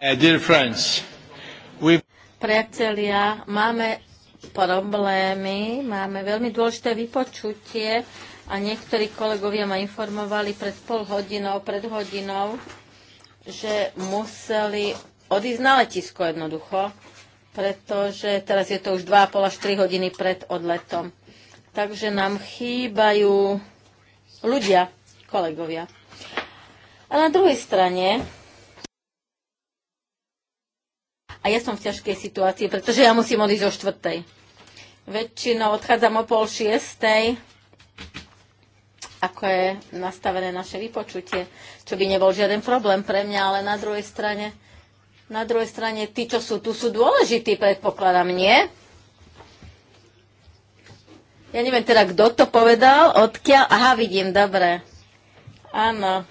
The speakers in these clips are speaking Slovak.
Uh, Priatelia, máme problémy, máme veľmi dôležité vypočutie a niektorí kolegovia ma informovali pred pol hodinou, pred hodinou, že museli odísť na letisko jednoducho, pretože teraz je to už 2,5 až 3 hodiny pred odletom. Takže nám chýbajú ľudia, kolegovia. A na druhej strane a ja som v ťažkej situácii, pretože ja musím odísť o štvrtej. Väčšinou odchádzam o pol šiestej, ako je nastavené naše vypočutie, čo by nebol žiaden problém pre mňa, ale na druhej strane, na druhej strane tí, čo sú tu, sú dôležití, predpokladám, nie? Ja neviem teda, kto to povedal, odkiaľ. Aha, vidím, dobre. Áno.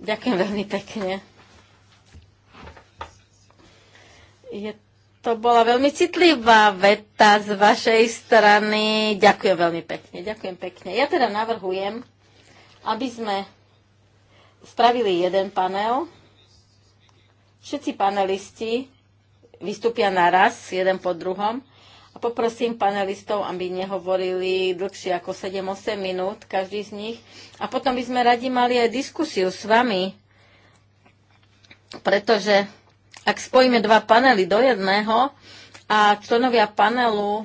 Ďakujem veľmi pekne. Je to bola veľmi citlivá veta z vašej strany. Ďakujem veľmi pekne, ďakujem pekne. Ja teda navrhujem, aby sme spravili jeden panel. Všetci panelisti vystúpia naraz, jeden po druhom. A poprosím panelistov, aby nehovorili dlhšie ako 7-8 minút, každý z nich. A potom by sme radi mali aj diskusiu s vami, pretože ak spojíme dva panely do jedného a členovia panelu e,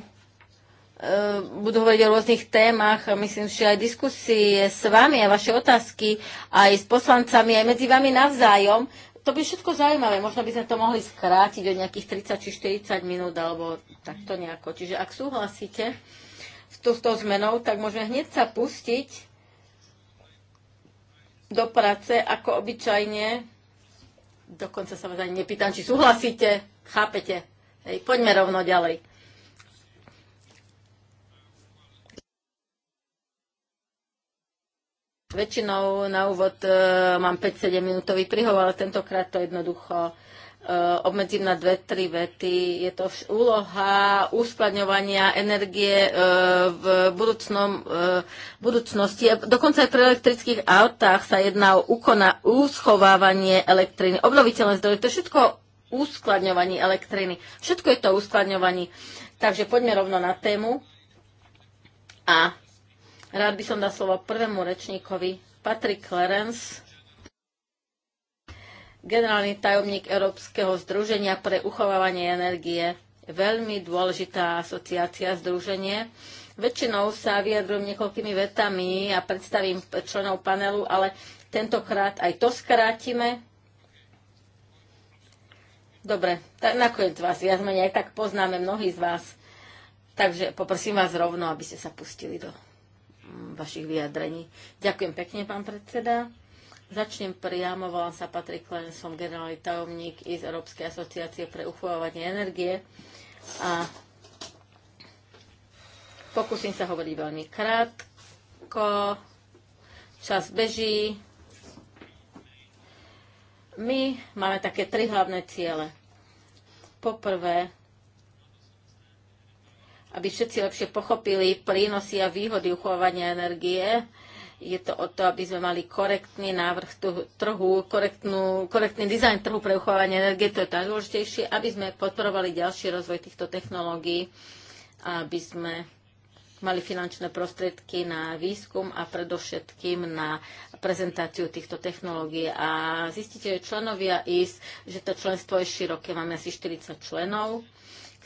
budú hovoriť o rôznych témach, myslím, že aj diskusie s vami a vaše otázky, aj s poslancami, aj medzi vami navzájom. To by všetko zaujímavé. Možno by sme to mohli skrátiť o nejakých 30 či 40 minút, alebo takto nejako. Čiže ak súhlasíte s touto zmenou, tak môžeme hneď sa pustiť do práce, ako obyčajne Dokonca sa vás ani nepýtam, či súhlasíte. Chápete? Hej, poďme rovno ďalej. Väčšinou na úvod e, mám 5-7 minútový príhovor, ale tentokrát to jednoducho Eh, obmedzím na dve, tri vety. Je to úloha uskladňovania energie eh, v budúcnom, eh, budúcnosti. Dokonca aj pri elektrických autách sa jedná o úkona, uschovávanie elektriny, obnoviteľné zdroje. To je všetko uskladňovanie elektriny. Všetko je to uskladňovanie. Takže poďme rovno na tému. A rád by som dal slovo prvému rečníkovi, Patrick Clarence generálny tajomník Európskeho združenia pre uchovávanie energie. Veľmi dôležitá asociácia, združenie. Väčšinou sa vyjadrujem niekoľkými vetami a predstavím členov panelu, ale tentokrát aj to skrátime. Dobre, tak nakoniec vás viac menej aj tak poznáme mnohí z vás. Takže poprosím vás rovno, aby ste sa pustili do mm, vašich vyjadrení. Ďakujem pekne, pán predseda. Začnem priamo, volám sa Patrik Len, som generálny tajomník z Európskej asociácie pre uchovávanie energie a pokúsim sa hovoriť veľmi krátko. Čas beží. My máme také tri hlavné ciele. Poprvé, aby všetci lepšie pochopili prínosy a výhody uchovávania energie, je to o to, aby sme mali korektný návrh trhu, korektnú, korektný dizajn trhu pre uchovávanie energie, to je to najdôležitejšie, aby sme podporovali ďalší rozvoj týchto technológií, aby sme mali finančné prostriedky na výskum a predovšetkým na prezentáciu týchto technológií. A zistíte, že členovia IS, že to členstvo je široké, máme asi 40 členov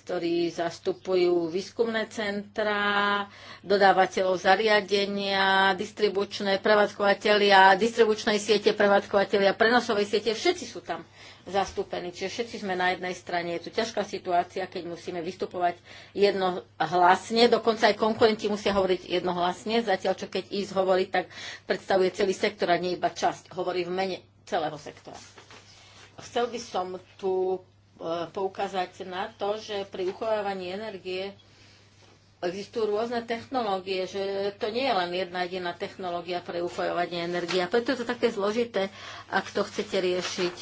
ktorí zastupujú výskumné centra, dodávateľov zariadenia, distribučné prevádzkovateľia, distribučnej siete prevádzkovateľia, prenosovej siete, všetci sú tam zastúpení. Čiže všetci sme na jednej strane. Je tu ťažká situácia, keď musíme vystupovať jednohlasne. Dokonca aj konkurenti musia hovoriť jednohlasne, zatiaľ čo keď ísť hovorí, tak predstavuje celý sektor a nie iba časť. Hovorí v mene celého sektora. Chcel by som tu Eh, poukázať na to, že pri uchovávaní energie existujú rôzne technológie, že to nie je len jedna jediná technológia pre uchovávanie energie. A preto je to také zložité, ak to chcete riešiť.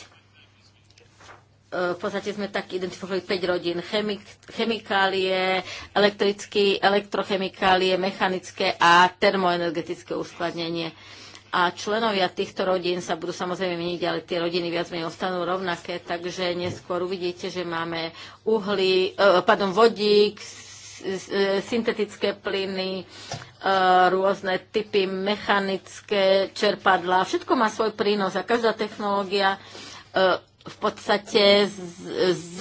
Eh, v podstate sme tak identifikovali 5 rodín. Chemik, chemikálie, elektrické, elektrochemikálie, mechanické a termoenergetické uskladnenie. Uh, a členovia týchto rodín sa budú samozrejme meniť, ale tie rodiny viac menej ostanú rovnaké, takže neskôr uvidíte, že máme uhly, e, pardon, vodík, e, syntetické plyny, e, rôzne typy mechanické čerpadlá. Všetko má svoj prínos a každá technológia e, v podstate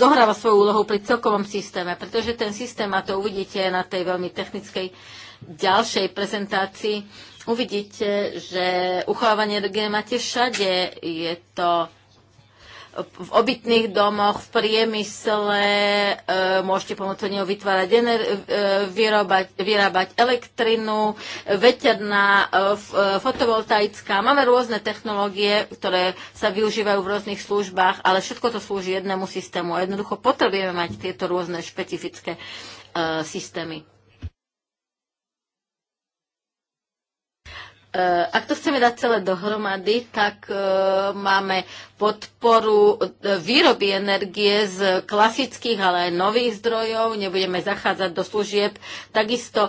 zohráva svoju úlohu pri celkovom systéme, pretože ten systém, a to uvidíte na tej veľmi technickej ďalšej prezentácii, uvidíte, že uchovávanie energie máte všade. Je to v obytných domoch, v priemysle, e, môžete pomocou neho vytvárať, ener, e, vyrobať, vyrábať elektrinu, veterná, e, e, fotovoltaická. Máme rôzne technológie, ktoré sa využívajú v rôznych službách, ale všetko to slúži jednému systému. A jednoducho potrebujeme mať tieto rôzne špecifické e, systémy. Eh, ak to chceme dať celé dohromady, tak eh, máme podporu eh, výroby energie z klasických, ale aj nových zdrojov. Nebudeme zachádzať do služieb. Takisto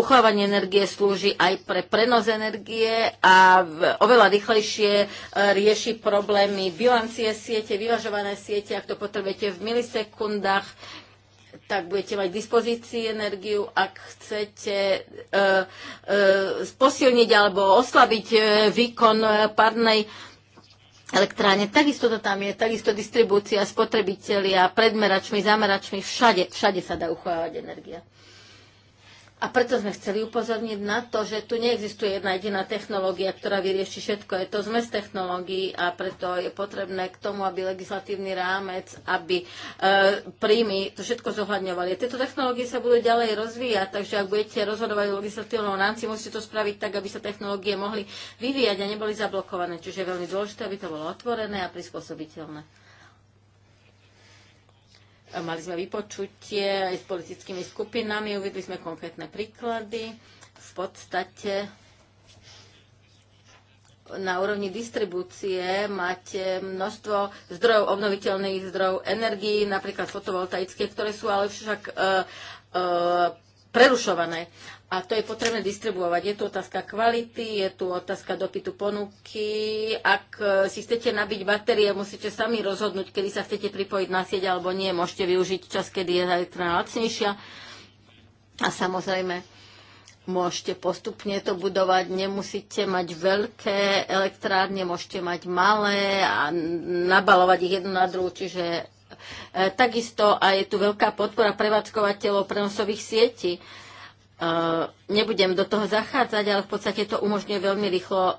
uchovanie energie slúži aj pre prenos energie a oveľa rýchlejšie rieši problémy bilancie siete, vyvažované siete, ak to potrebujete v milisekundách tak budete mať k dispozícii energiu. Ak chcete e, e, posilniť alebo oslabiť e, výkon e, párnej elektráne, takisto to tam je, takisto distribúcia, spotrebitelia, predmeračmi, zameračmi, všade, všade sa dá uchovávať energia. A preto sme chceli upozorniť na to, že tu neexistuje jedna jediná technológia, ktorá vyrieši všetko. Je to zmes technológií a preto je potrebné k tomu, aby legislatívny rámec, aby e, príjmy to všetko zohľadňovali. Tieto technológie sa budú ďalej rozvíjať, takže ak budete rozhodovať o legislatívnom rámci, musíte to spraviť tak, aby sa technológie mohli vyvíjať a neboli zablokované. Čiže je veľmi dôležité, aby to bolo otvorené a prispôsobiteľné. Mali sme vypočutie aj s politickými skupinami, Uvidli sme konkrétne príklady. V podstate na úrovni distribúcie máte množstvo zdrojov, obnoviteľných zdrojov energií, napríklad fotovoltaické, ktoré sú ale však e, e, prerušované. A to je potrebné distribuovať. Je tu otázka kvality, je tu otázka dopytu ponuky. Ak e, si chcete nabiť batérie, musíte sami rozhodnúť, kedy sa chcete pripojiť na sieť alebo nie. Môžete využiť čas, kedy je elektrina lacnejšia. A samozrejme, môžete postupne to budovať, nemusíte mať veľké elektrárne, môžete mať malé a nabalovať ich jednu na druhú, čiže E, takisto aj je tu veľká podpora prevádzkovateľov prenosových sietí. E, nebudem do toho zachádzať, ale v podstate to umožňuje veľmi rýchlo e,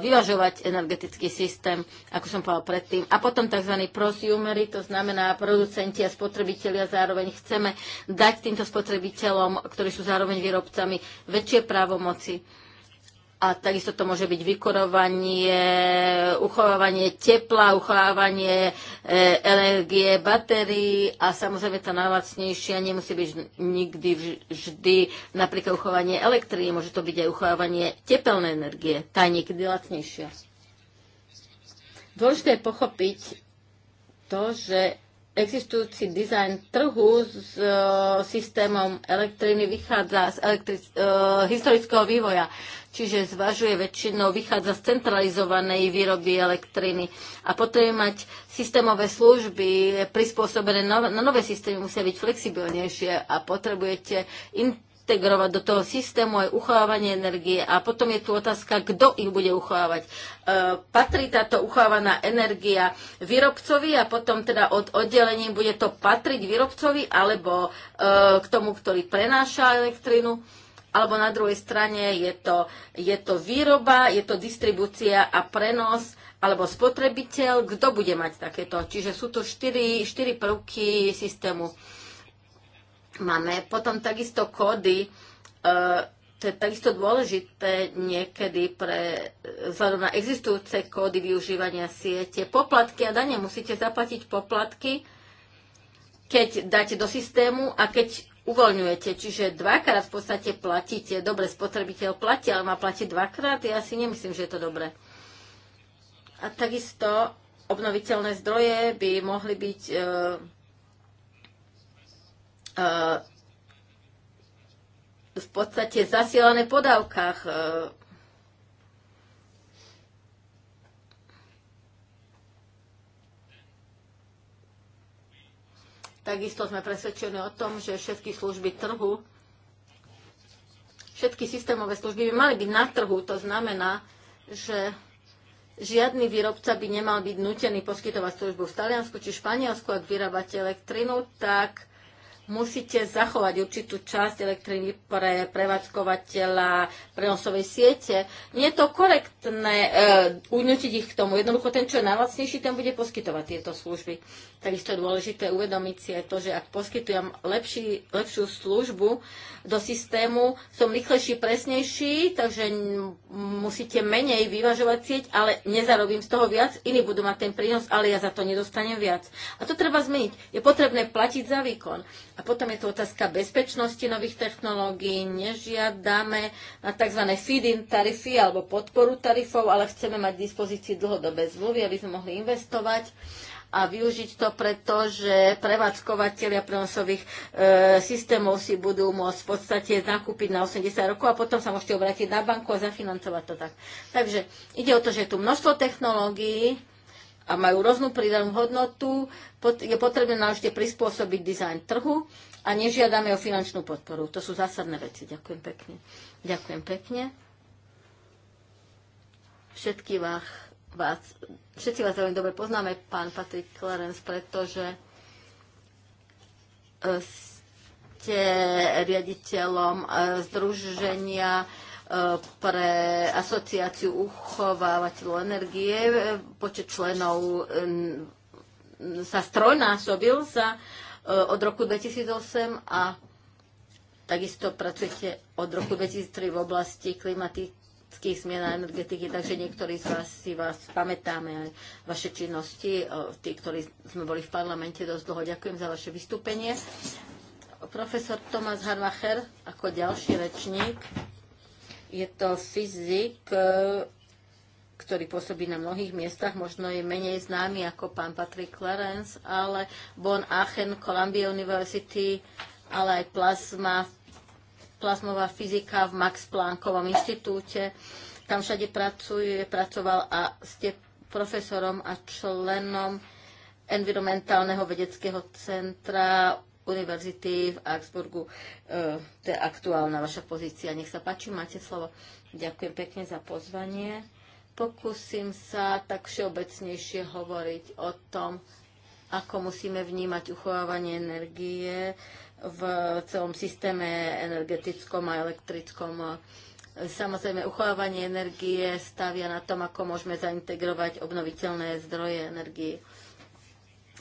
vyvažovať energetický systém, ako som povedal predtým. A potom tzv. prosumery, to znamená producenti a spotrebitelia zároveň chceme dať týmto spotrebiteľom, ktorí sú zároveň výrobcami, väčšie právomoci a takisto to môže byť vykurovanie, uchovávanie tepla, uchovávanie e, energie, batérií a samozrejme tá najlacnejšia nemusí byť nikdy vždy napríklad uchovanie elektriny, môže to byť aj uchovávanie tepelnej energie, tá je niekedy lacnejšia. Dôležité je pochopiť to, že existujúci dizajn trhu s e, systémom elektriny vychádza z elektric- e, historického vývoja čiže zvažuje väčšinou, vychádza z centralizovanej výroby elektriny. A potom mať systémové služby prispôsobené na nové systémy, musia byť flexibilnejšie a potrebujete integrovať do toho systému aj uchovávanie energie. A potom je tu otázka, kto ich bude uchovávať. E, patrí táto uchovávaná energia výrobcovi a potom teda od oddelení bude to patriť výrobcovi alebo e, k tomu, ktorý prenáša elektrinu alebo na druhej strane je to, je to výroba, je to distribúcia a prenos alebo spotrebiteľ, kto bude mať takéto. Čiže sú to štyri, štyri prvky systému. Máme potom takisto kódy, e, to je takisto dôležité niekedy pre vzhľadom na existujúce kódy využívania siete. Poplatky a dane musíte zaplatiť poplatky, keď dáte do systému a keď uvoľňujete, čiže dvakrát v podstate platíte. Dobre, spotrebiteľ platí, ale má platiť dvakrát? Ja si nemyslím, že je to dobré. A takisto obnoviteľné zdroje by mohli byť e, e, v podstate zasielané po dávkach. E, Takisto sme presvedčení o tom, že všetky služby trhu, všetky systémové služby by mali byť na trhu. To znamená, že žiadny výrobca by nemal byť nutený poskytovať službu v Taliansku či Španielsku, ak vyrábate elektrinu, tak musíte zachovať určitú časť elektriny pre prevádzkovateľa prenosovej siete. Nie je to korektné e, unútiť ich k tomu. Jednoducho ten, čo je najlacnejší, ten bude poskytovať tieto služby. Takisto je dôležité uvedomiť si aj to, že ak poskytujem lepší, lepšiu službu do systému, som rýchlejší, presnejší, takže musíte menej vyvažovať sieť, ale nezarobím z toho viac, iní budú mať ten prínos, ale ja za to nedostanem viac. A to treba zmeniť. Je potrebné platiť za výkon. A potom je tu otázka bezpečnosti nových technológií. Nežiadame na tzv. feed-in tarify alebo podporu tarifov, ale chceme mať v dispozícii dlhodobé zmluvy, aby sme mohli investovať a využiť to preto, že prevádzkovateľia prenosových e, systémov si budú môcť v podstate nakúpiť na 80 rokov a potom sa môžete obrátiť na banku a zafinancovať to tak. Takže ide o to, že je tu množstvo technológií, a majú rôznu pridanú hodnotu, je potrebné nám ešte prispôsobiť dizajn trhu a nežiadame o finančnú podporu. To sú zásadné veci. Ďakujem pekne. Ďakujem pekne. Všetky vás, vás, všetci vás veľmi dobre poznáme, pán Patrik Clarence, pretože e, ste riaditeľom e, združenia pre asociáciu uchovávateľov energie. Počet členov sa strojnásobil sa e, od roku 2008 a takisto pracujete od roku 2003 v oblasti klimatických zmien a energetiky, takže niektorí z vás si vás pamätáme aj vaše činnosti, e, tí, ktorí sme boli v parlamente dosť dlho. Ďakujem za vaše vystúpenie. Profesor Tomás Harvacher ako ďalší rečník je to fyzik, e, ktorý pôsobí na mnohých miestach, možno je menej známy ako pán Patrick Clarence, ale Bon Aachen, Columbia University, ale aj plazma, plazmová fyzika v Max Planckovom inštitúte. Tam všade pracuje, pracoval a ste profesorom a členom environmentálneho vedeckého centra univerzity v Augsburgu. E, to je aktuálna vaša pozícia. Nech sa páči, máte slovo. Ďakujem pekne za pozvanie. Pokúsim sa tak všeobecnejšie hovoriť o tom, ako musíme vnímať uchovávanie energie v celom systéme energetickom a elektrickom. Samozrejme, uchovávanie energie stavia na tom, ako môžeme zaintegrovať obnoviteľné zdroje energie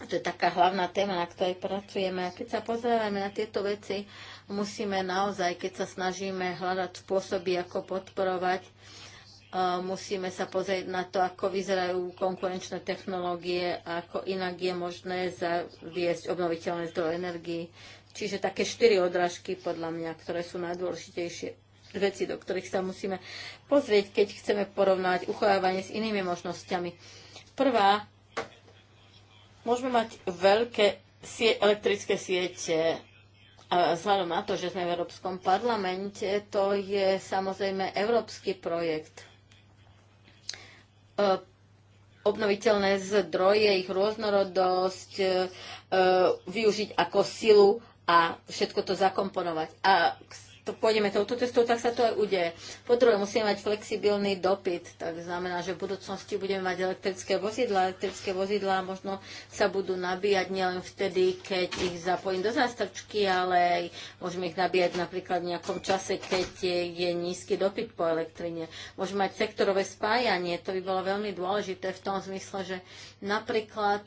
to je taká hlavná téma, na ktorej pracujeme. A keď sa pozrieme na tieto veci, musíme naozaj, keď sa snažíme hľadať spôsoby, ako podporovať, e, musíme sa pozrieť na to, ako vyzerajú konkurenčné technológie a ako inak je možné zaviesť obnoviteľné zdroje energii. Čiže také štyri odrážky, podľa mňa, ktoré sú najdôležitejšie veci, do ktorých sa musíme pozrieť, keď chceme porovnať uchovávanie s inými možnosťami. Prvá Môžeme mať veľké sie- elektrické siete. Vzhľadom na to, že sme v Európskom parlamente, to je samozrejme európsky projekt. E, obnoviteľné zdroje, ich rôznorodosť, e, e, využiť ako silu a všetko to zakomponovať. A to pôjdeme touto cestou, tak sa to aj udeje. Po druhé, musíme mať flexibilný dopyt, tak znamená, že v budúcnosti budeme mať elektrické vozidla. Elektrické vozidlá možno sa budú nabíjať nielen vtedy, keď ich zapojím do zástavčky, ale aj môžeme ich nabíjať napríklad v nejakom čase, keď je, je nízky dopyt po elektrine. Môžeme mať sektorové spájanie, to by bolo veľmi dôležité v tom zmysle, že napríklad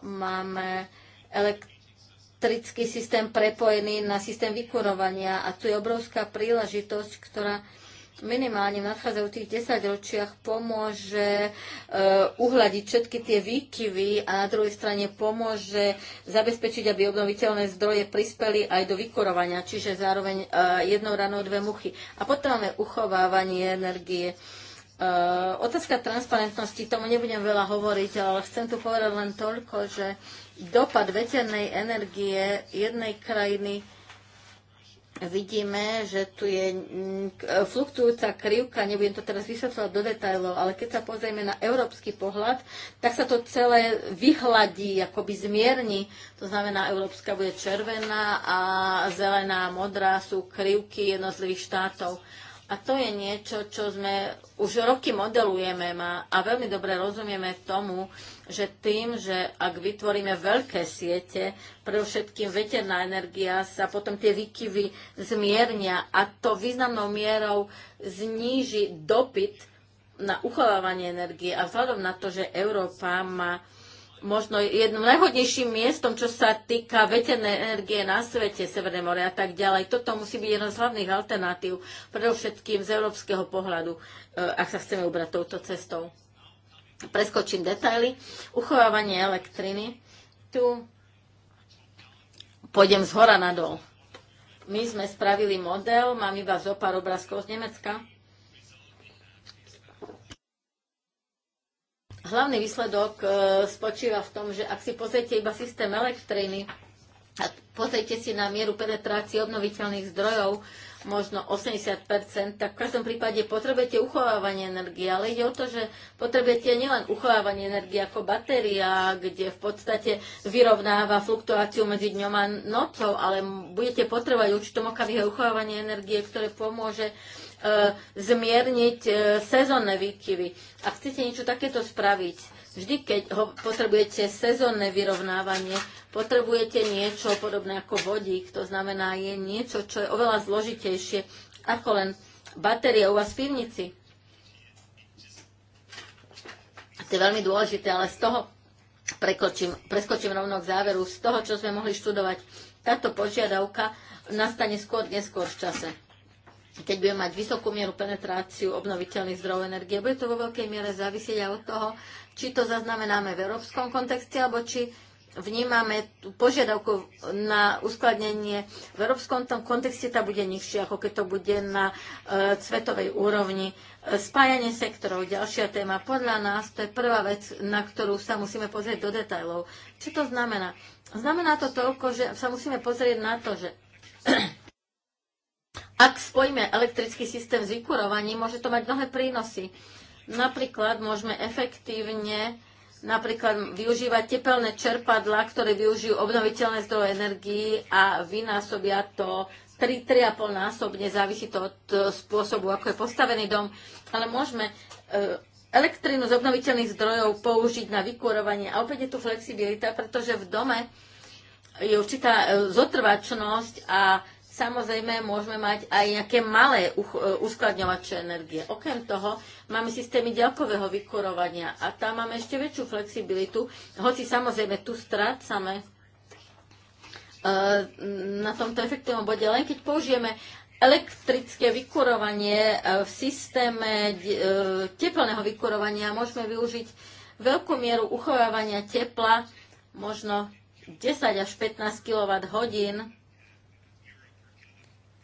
máme elektrické elektrický systém prepojený na systém vykurovania. A tu je obrovská príležitosť, ktorá minimálne v nadchádzajúcich desaťročiach pomôže e, všetky tie výkyvy a na druhej strane pomôže zabezpečiť, aby obnoviteľné zdroje prispeli aj do vykurovania, čiže zároveň e, eh, jednou ranou dve muchy. A potom máme uchovávanie energie. E, Eh, otázka transparentnosti, tomu nebudem veľa hovoriť, ale chcem tu povedať len toľko, že dopad veternej energie jednej krajiny vidíme, že tu je mm, eh, fluktujúca krivka, nebudem to teraz vysvetľovať do detajlov, ale keď sa pozrieme na európsky pohľad, tak sa to celé vyhladí, akoby zmierni. To znamená, európska bude červená a zelená a modrá sú krivky jednotlivých štátov. A to je niečo, čo sme už roky modelujeme a veľmi dobre rozumieme tomu, že tým, že ak vytvoríme veľké siete, pre všetkým veterná energia sa potom tie výkyvy zmiernia a to významnou mierou zníži dopyt na uchovávanie energie. A vzhľadom na to, že Európa má možno jedným najhodnejším miestom, čo sa týka veternej energie na svete, Severné more a tak ďalej. Toto musí byť jedna z hlavných alternatív, predovšetkým z európskeho pohľadu, e, ak sa chceme ubrať touto cestou. Preskočím detaily. Uchovávanie elektriny. Tu pôjdem z hora na dol. My sme spravili model, mám iba zo pár obrázkov z Nemecka. Hlavný výsledok e, spočíva v tom, že ak si pozriete iba systém elektriny a pozrite si na mieru penetrácie obnoviteľných zdrojov, možno 80%, tak v každom prípade potrebujete uchovávanie energie, ale ide o to, že potrebujete nielen uchovávanie energie ako batéria, kde v podstate vyrovnáva fluktuáciu medzi dňom a nocou, ale budete potrebovať určitom okamžiu uchovávanie energie, ktoré pomôže E, zmierniť e, sezónne výkyvy. A chcete niečo takéto spraviť, vždy, keď ho potrebujete sezónne vyrovnávanie, potrebujete niečo podobné ako vodík, to znamená, je niečo, čo je oveľa zložitejšie ako len batérie u vás v pivnici. To je veľmi dôležité, ale z toho prekočím, preskočím rovno k záveru. Z toho, čo sme mohli študovať, táto požiadavka nastane skôr neskôr v čase keď budeme mať vysokú mieru penetráciu obnoviteľných zdrojov energie, bude to vo veľkej miere závisieť aj od toho, či to zaznamenáme v európskom kontexte, alebo či vnímame tú požiadavku na uskladnenie v európskom tom kontexte tá bude nižšia, ako keď to bude na e, svetovej úrovni. E, spájanie sektorov, ďalšia téma. Podľa nás to je prvá vec, na ktorú sa musíme pozrieť do detajlov. Čo to znamená? Znamená to toľko, že sa musíme pozrieť na to, že ak spojíme elektrický systém s vykurovaním, môže to mať mnohé prínosy. Napríklad môžeme efektívne napríklad využívať tepelné čerpadlá, ktoré využijú obnoviteľné zdroje energii a vynásobia to 3-3,5 násobne, závisí to od e, spôsobu, ako je postavený dom. Ale môžeme e, elektrínu z obnoviteľných zdrojov použiť na vykurovanie. A opäť je tu flexibilita, pretože v dome je určitá e, zotrvačnosť a Samozrejme, môžeme mať aj nejaké malé e, uskladňovače energie. Okrem toho, máme systémy ďalkového vykurovania a tam máme ešte väčšiu flexibilitu, hoci samozrejme tu strácame e, na tomto efektívnom bode, len keď použijeme elektrické vykurovanie e, v systéme teplného vykurovania, môžeme využiť veľkú mieru uchovávania tepla, možno 10 až 15 kWh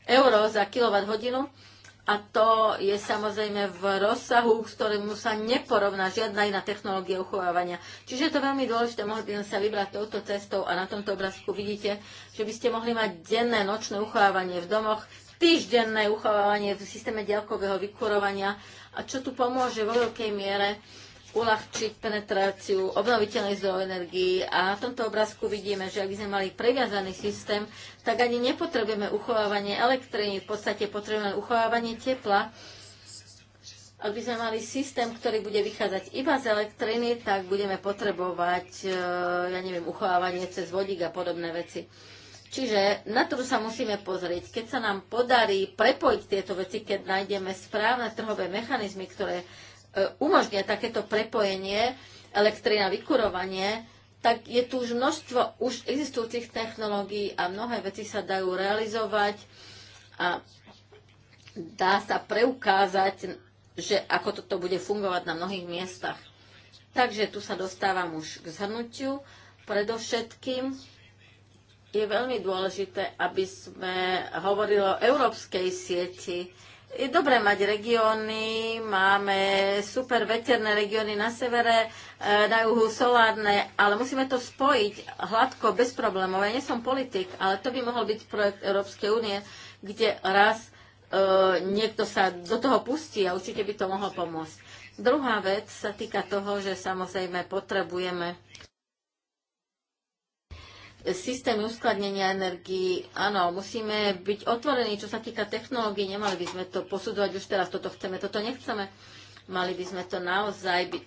euro za kWh A to je samozrejme v rozsahu, k ktorému sa neporovná žiadna iná technológia uchovávania. Čiže je to veľmi dôležité, mohli by sme sa vybrať touto cestou a na tomto obrázku vidíte, že by ste mohli mať denné nočné uchovávanie v domoch, týždenné uchovávanie v systéme diaľkového vykurovania. A čo tu pomôže vo veľkej miere, uľahčiť penetráciu obnoviteľnej zdrojov energii. A v tomto obrázku vidíme, že ak by sme mali previazaný systém, tak ani nepotrebujeme uchovávanie elektriny, v podstate potrebujeme uchovávanie tepla. Ak by sme mali systém, ktorý bude vychádzať iba z elektriny, tak budeme potrebovať, e, ja neviem, uchovávanie cez vodík a podobné veci. Čiže na to sa musíme pozrieť. Keď sa nám podarí prepojiť tieto veci, keď nájdeme správne trhové mechanizmy, ktoré E, umožnia takéto prepojenie elektrina vykurovanie, tak je tu už množstvo už existujúcich technológií a mnohé veci sa dajú realizovať a dá sa preukázať, že ako toto bude fungovať na mnohých miestach. Takže tu sa dostávam už k zhrnutiu. Predovšetkým je veľmi dôležité, aby sme hovorili o európskej sieti je dobré mať regióny, máme super veterné regióny na severe, e, na juhu solárne, ale musíme to spojiť hladko, bez problémov. Ja nie som politik, ale to by mohol byť projekt Európskej únie, kde raz e, niekto sa do toho pustí a určite by to mohlo pomôcť. Druhá vec sa týka toho, že samozrejme potrebujeme systémy uskladnenia energií, áno, musíme byť otvorení, čo sa týka technológií, nemali by sme to posudovať už teraz, toto chceme, toto nechceme. Mali by sme to naozaj by, e,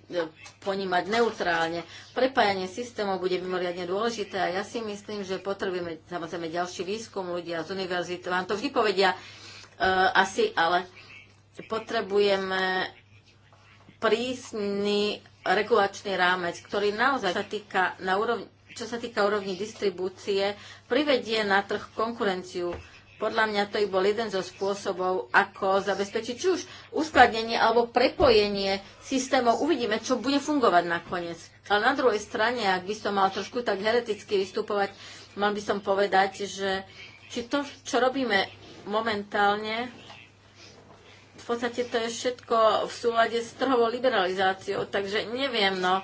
ponímať neutrálne. Prepájanie systémov bude mimoriadne dôležité a ja si myslím, že potrebujeme samozrejme ďalší výskum ľudia z univerzity. Vám to vždy povedia e, asi, ale potrebujeme prísny regulačný rámec, ktorý naozaj sa týka na úrovni čo sa týka úrovni distribúcie, privedie na trh konkurenciu. Podľa mňa to i bol jeden zo spôsobov, ako zabezpečiť či už uskladnenie alebo prepojenie systémov. Uvidíme, čo bude fungovať nakoniec. Ale na druhej strane, ak by som mal trošku tak hereticky vystupovať, mal by som povedať, že či to, čo robíme momentálne, v podstate to je všetko v súlade s trhovou liberalizáciou, takže neviem, no.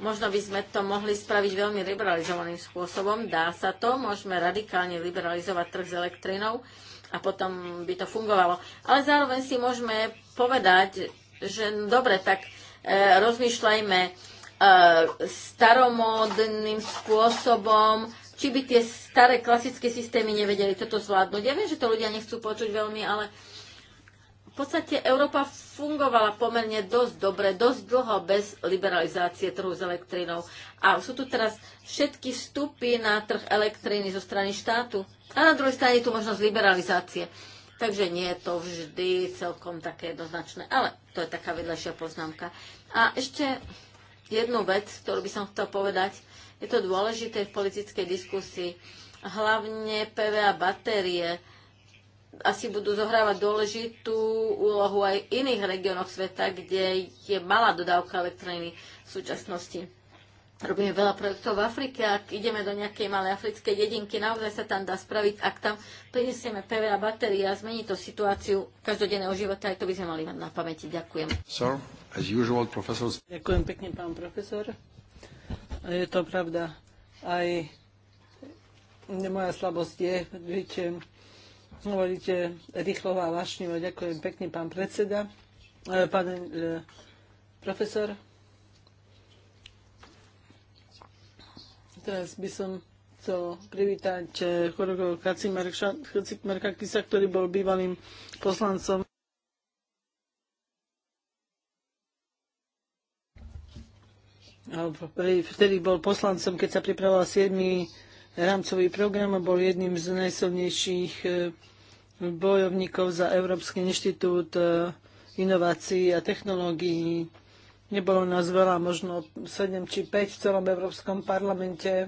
Možno by sme to mohli spraviť veľmi liberalizovaným spôsobom. Dá sa to, môžeme radikálne liberalizovať trh s elektrinou a potom by to fungovalo. Ale zároveň si môžeme povedať, že no dobre, tak e, rozmýšľajme e, staromódnym spôsobom, či by tie staré klasické systémy nevedeli toto zvládnuť. Ja viem, že to ľudia nechcú počuť veľmi, ale podstate Európa fungovala pomerne dosť dobre, dosť dlho bez liberalizácie trhu s elektrínou. A sú tu teraz všetky vstupy na trh elektriny zo strany štátu. A na druhej strane je tu možnosť liberalizácie. Takže nie je to vždy celkom také jednoznačné. Ale to je taká vedľajšia poznámka. A ešte jednu vec, ktorú by som chcel povedať. Je to dôležité v politickej diskusii. Hlavne PV a batérie asi budú zohrávať dôležitú úlohu aj v iných regiónoch sveta, kde je malá dodávka elektriny v súčasnosti. Robíme veľa projektov v Afrike, ak ideme do nejakej malej africkej dedinky, naozaj sa tam dá spraviť, ak tam prinesieme a batérie a zmení to situáciu každodenného života, aj to by sme mali mať na pamäti. Ďakujem. Sir, as usual, professor... Ďakujem pekne, pán profesor. Je to pravda. Aj moja slabosť je byť Hovoríte rýchlo a vášnivo. Ďakujem pekne, pán predseda. E, pán e, profesor. Teraz by som chcel privítať e, chorokov Kacimerka Kisa, ktorý bol bývalým poslancom. Vtedy bol poslancom, keď sa pripravoval 7 rámcový program a bol jedným z najsilnejších e, bojovníkov za Európsky inštitút e, inovácií a technológií. Nebolo nás veľa, možno 7 či 5 v celom Európskom parlamente.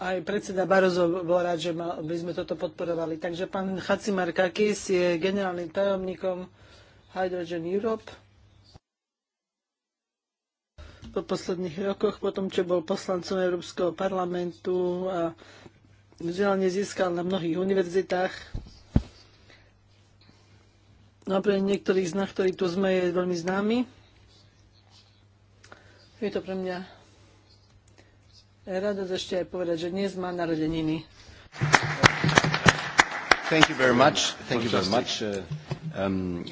Aj predseda Barozov bol rád, že by sme toto podporovali. Takže pán Kakis je generálnym tajomníkom Hydrogen Europe. Po posledných rokoch, potom čo bol poslancom Európskeho parlamentu a vzdelanie získal na mnohých univerzitách. No a pre niektorých z nás, ktorí tu sme, je veľmi známy. Je to pre mňa radosť ešte aj povedať, že dnes má narodeniny. Thank you very much. Thank you very much. Uh... Um,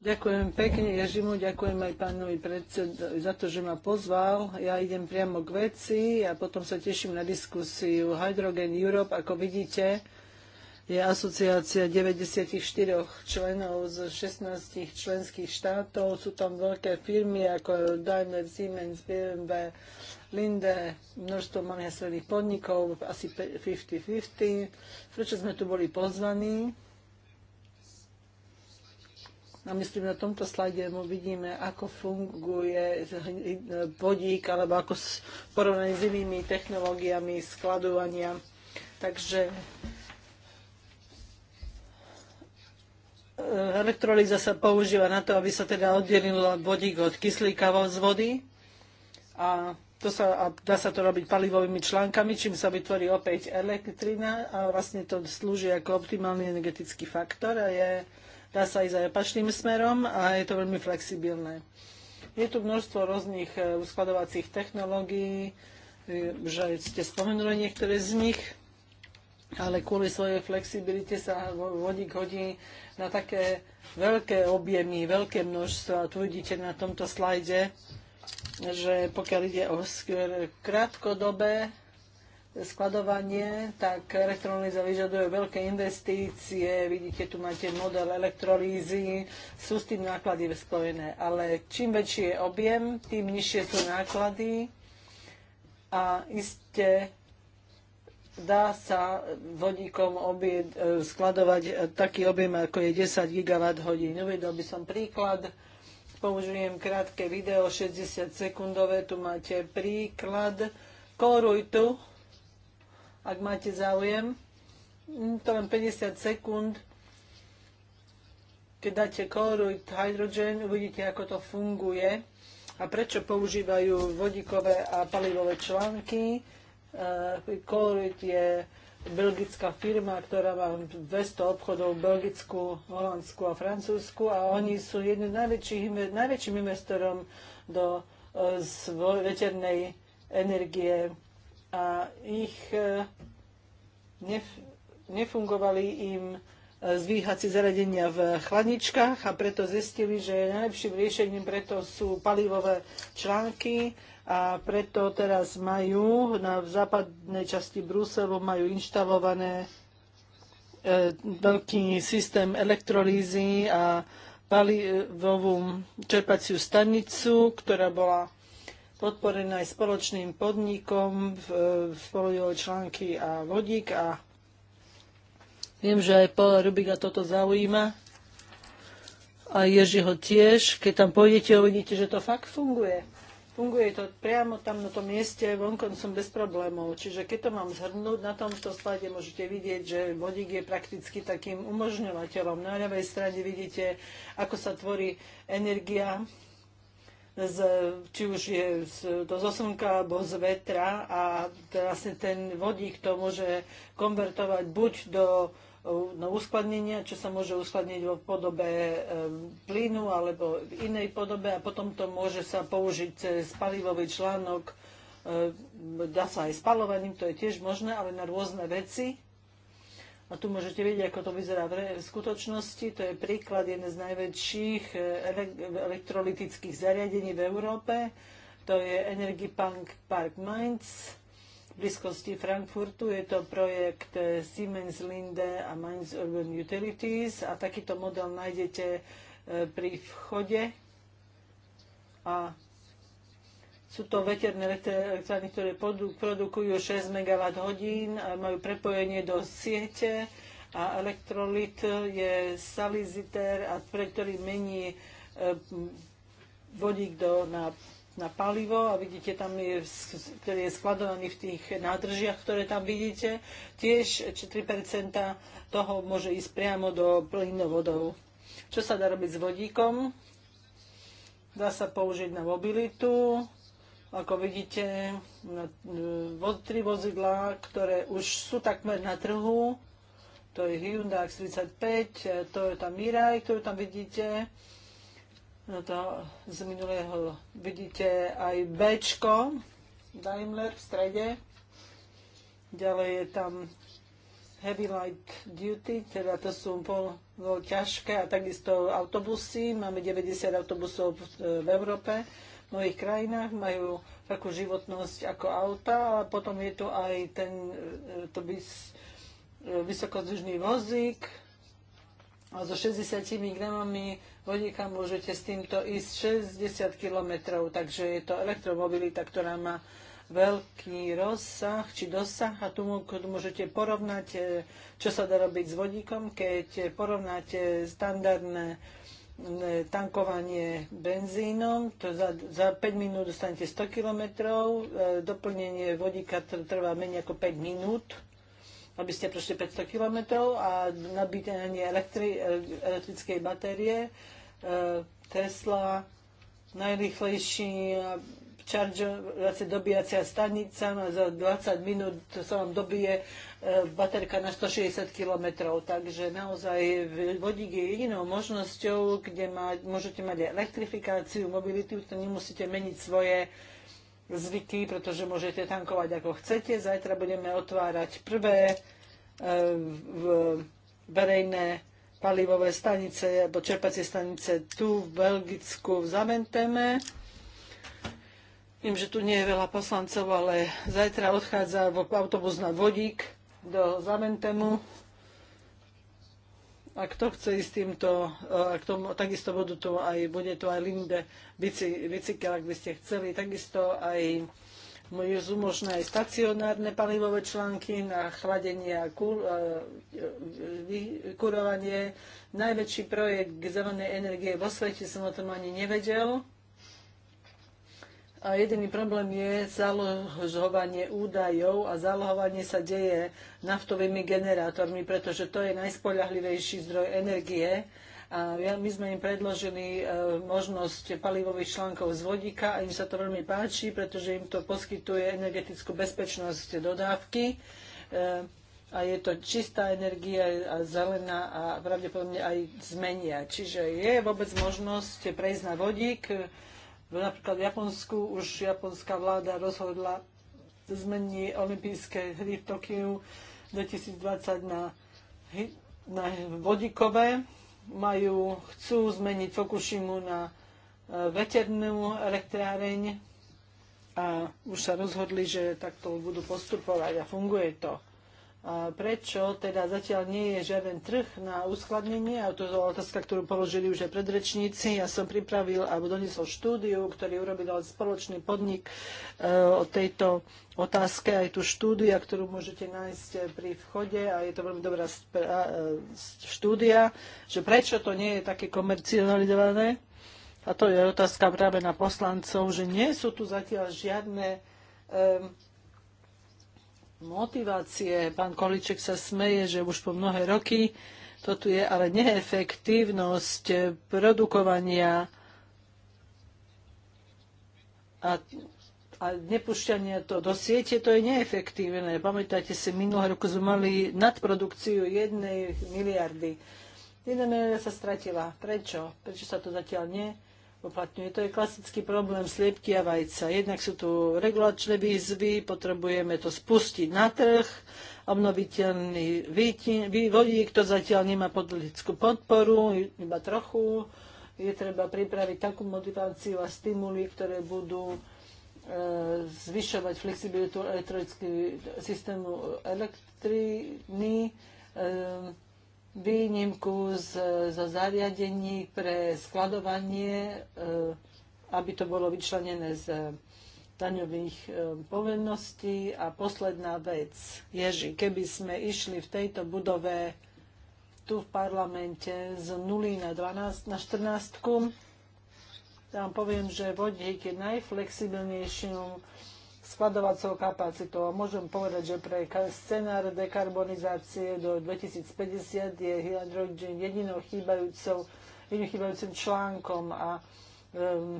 ďakujem pekne Jeržimu, ďakujem aj pánovi predsedovi za to, že ma pozval. Ja idem priamo k veci a potom sa teším na diskusiu. Hydrogen Europe, ako vidíte, je asociácia 94 členov z 16 členských štátov. Sú tam veľké firmy ako Daimler, Siemens, BMW, Linde, množstvo malých a stredných podnikov, asi 50-50. Prečo sme tu boli pozvaní? A myslím, na tomto slajde vidíme, ako funguje vodík, alebo ako porovnaní s inými technológiami skladovania. Takže e, elektrolíza sa používa na to, aby sa teda oddelil vodík od kyslíka z vody. A to sa, a dá sa to robiť palivovými článkami, čím sa vytvorí opäť elektrina a vlastne to slúži ako optimálny energetický faktor a je dá sa ísť aj opačným smerom a je to veľmi flexibilné. Je tu množstvo rôznych e, uskladovacích technológií, e, že ste spomenuli niektoré z nich, ale kvôli svojej flexibilite sa vodík hodí na také veľké objemy, veľké množstvo. A tu vidíte na tomto slajde, že pokiaľ ide o krátkodobé skladovanie, tak elektrolýza vyžaduje veľké investície, vidíte, tu máte model elektrolízy, sú s tým náklady spojené, ale čím väčší je objem, tým nižšie sú náklady a iste dá sa vodíkom objed, skladovať taký objem, ako je 10 gigawatt hodín. Uvedol by som príklad, použijem krátke video, 60 sekundové, tu máte príklad, koruj tu, ak máte záujem. Mm, to len 50 sekúnd. Keď dáte Colorid Hydrogen, uvidíte, ako to funguje a prečo používajú vodíkové a palivové články. Colorid e, je belgická firma, ktorá má 200 obchodov v Belgicku, Holandsku a Francúzsku a oni sú jedným najväčším, investorom do e, veternej energie a ich e, nef- nefungovali im e, zvýhacie zariadenia v chladničkách a preto zistili, že najlepším riešením preto sú palivové články a preto teraz majú na západnej časti Bruselu majú inštalované e, veľký systém elektrolízy a palivovú čerpaciu stanicu, ktorá bola podporené aj spoločným podnikom, spolujúť články a vodík a viem, že aj Paula Rubiga toto zaujíma a Ježiho tiež. Keď tam pôjdete, uvidíte, že to fakt funguje. Funguje to priamo tam na tom mieste, som bez problémov. Čiže keď to mám zhrnúť, na tomto slade môžete vidieť, že vodík je prakticky takým umožňovateľom. Na ľavej strane vidíte, ako sa tvorí energia z, či už je z, to zo slnka alebo z vetra a vlastne ten vodík to môže konvertovať buď do no, uskladnenia, čo sa môže uskladniť v podobe e, plynu alebo v inej podobe a potom to môže sa použiť cez palivový článok, e, dá sa aj spalovaním, to je tiež možné, ale na rôzne veci. A tu môžete vidieť, ako to vyzerá v skutočnosti. To je príklad jeden z najväčších eh, elektrolytických zariadení v Európe. To je Energy Punk Park Mainz. V blízkosti Frankfurtu je to projekt eh, Siemens Linde a Mainz Urban Utilities a takýto model nájdete eh, pri vchode a sú to veterné elektrárne, ktoré produkujú 6 MWh a majú prepojenie do siete a elektrolit je saliziter, a pre ktorý mení e, vodík do, na, na palivo a vidíte tam, je, ktorý je skladovaný v tých nádržiach, ktoré tam vidíte. Tiež 4% toho môže ísť priamo do plynovodov. Čo sa dá robiť s vodíkom? Dá sa použiť na mobilitu, ako vidíte, e, tri vozidlá, ktoré už sú takmer na trhu, to je Hyundai X35, e, Toyota Mirai, ktorú tam vidíte, no to z minulého vidíte aj Bčko, Daimler v strede, ďalej je tam heavy light duty, teda to sú veľmi ťažké a takisto autobusy. Máme 90 autobusov v, e, v Európe v mnohých krajinách, majú takú životnosť ako auta, a potom je tu aj ten e, to bys, e, vysokozdržný vozík a so 60 gramami vodíka môžete s týmto ísť 60 kilometrov, takže je to elektromobilita, ktorá má veľký rozsah či dosah a tu môžete porovnať, e, čo sa dá robiť s vodíkom, keď porovnáte standardné E, tankovanie benzínom, to za, za 5 minút dostanete 100 km, e, doplnenie vodíka trvá menej ako 5 minút, aby ste prešli 500 km a nabíjanie elektri, e, elektrickej batérie Tesla najrychlejší čaržovacia dobíjacia stanica a no za 20 minút sa vám dobije e, baterka na 160 km. Takže naozaj vodík je jedinou možnosťou, kde má, môžete mať elektrifikáciu, mobilitu, to nemusíte meniť svoje zvyky, pretože môžete tankovať ako chcete. Zajtra budeme otvárať prvé e, v verejné palivové stanice alebo čerpacie stanice tu v Belgicku v Zaventeme. Viem, že tu nie je veľa poslancov, ale zajtra odchádza autobus na vodík do Zamentemu. A kto chce ísť týmto, e, a k tomu, takisto budú tu aj, bude tu aj Linde bici, bicykel, ak by ste chceli. Takisto aj sú možné aj stacionárne palivové články na chladenie a e, kurovanie. Najväčší projekt zelenej energie vo svete som o tom ani nevedel. A jediný problém je záložovanie údajov a zálohovanie sa deje naftovými generátormi, pretože to je najspoľahlivejší zdroj energie. A my sme im predložili e, možnosť palivových článkov z vodíka a im sa to veľmi páči, pretože im to poskytuje energetickú bezpečnosť dodávky e, a je to čistá energia a zelená a pravdepodobne aj zmenia. Čiže je vôbec možnosť prejsť na vodík, v Napríklad v Japonsku už japonská vláda rozhodla zmení olympijské hry v Tokiu 2020 na, na vodíkové. Majú, chcú zmeniť Fukushimu na e, veternú elektráreň a už sa rozhodli, že takto budú postupovať a funguje to prečo teda zatiaľ nie je žiaden trh na uskladnenie, a to je otázka, ktorú položili už aj predrečníci. Ja som pripravil alebo doniesol štúdiu, ktorý urobil spoločný podnik e, o tejto otázke, aj tú štúdia, ktorú môžete nájsť pri vchode a je to veľmi dobrá e, štúdia, že prečo to nie je také komercializované. A to je otázka práve na poslancov, že nie sú tu zatiaľ žiadne um, motivácie. Pán Količek sa smeje, že už po mnohé roky to tu je, ale neefektívnosť produkovania a, a nepúšťania to do siete, to je neefektívne. Pamätáte si, minulého roku sme mali nadprodukciu jednej miliardy. Jedna miliarda sa stratila. Prečo? Prečo sa to zatiaľ nie? uplatňuje. To je klasický problém sliepky a vajca. Jednak sú tu regulačné výzvy, potrebujeme to spustiť na trh, obnoviteľný vodík, to zatiaľ nemá politickú podporu, iba trochu. Je treba pripraviť takú motiváciu a stimuly, ktoré budú e, zvyšovať flexibilitu elektrického systému elektriny, e, výnimku z, zo zariadení pre skladovanie, eh, aby to bolo vyčlenené z daňových eh, povinností. A posledná vec je, že keby sme išli v tejto budove tu v parlamente z 0 na 12 na 14, tam poviem, že vodík je najflexibilnejším skladovacou kapacitou. A Môžem povedať, že pre scenár dekarbonizácie do 2050 je hydrogen jedinou chýbajúcou, jedinou chýbajúcim článkom a um,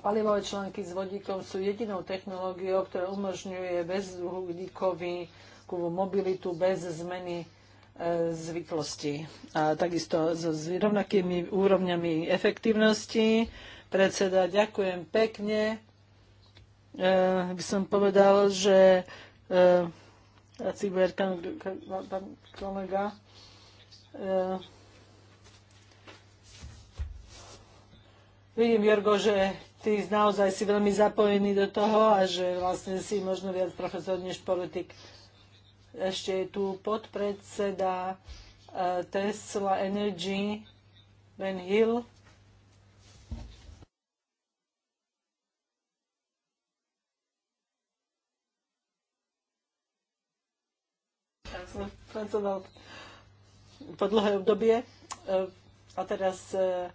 palivové články s vodíkom sú jedinou technológiou, ktorá umožňuje bezuhlíkovú mobilitu bez zmeny e, zvyklosti. A takisto so rovnakými úrovňami efektívnosti. Predseda, ďakujem pekne. Eh, by som povedal, že eh, cyber kolega eh, Vidím, Jorgo, že ty naozaj si veľmi zapojený do toho a že vlastne si možno viac profesor než politik. Ešte je tu podpredseda Tesla Energy, Ben Hill. pracoval po dlhé obdobie e, a teraz e,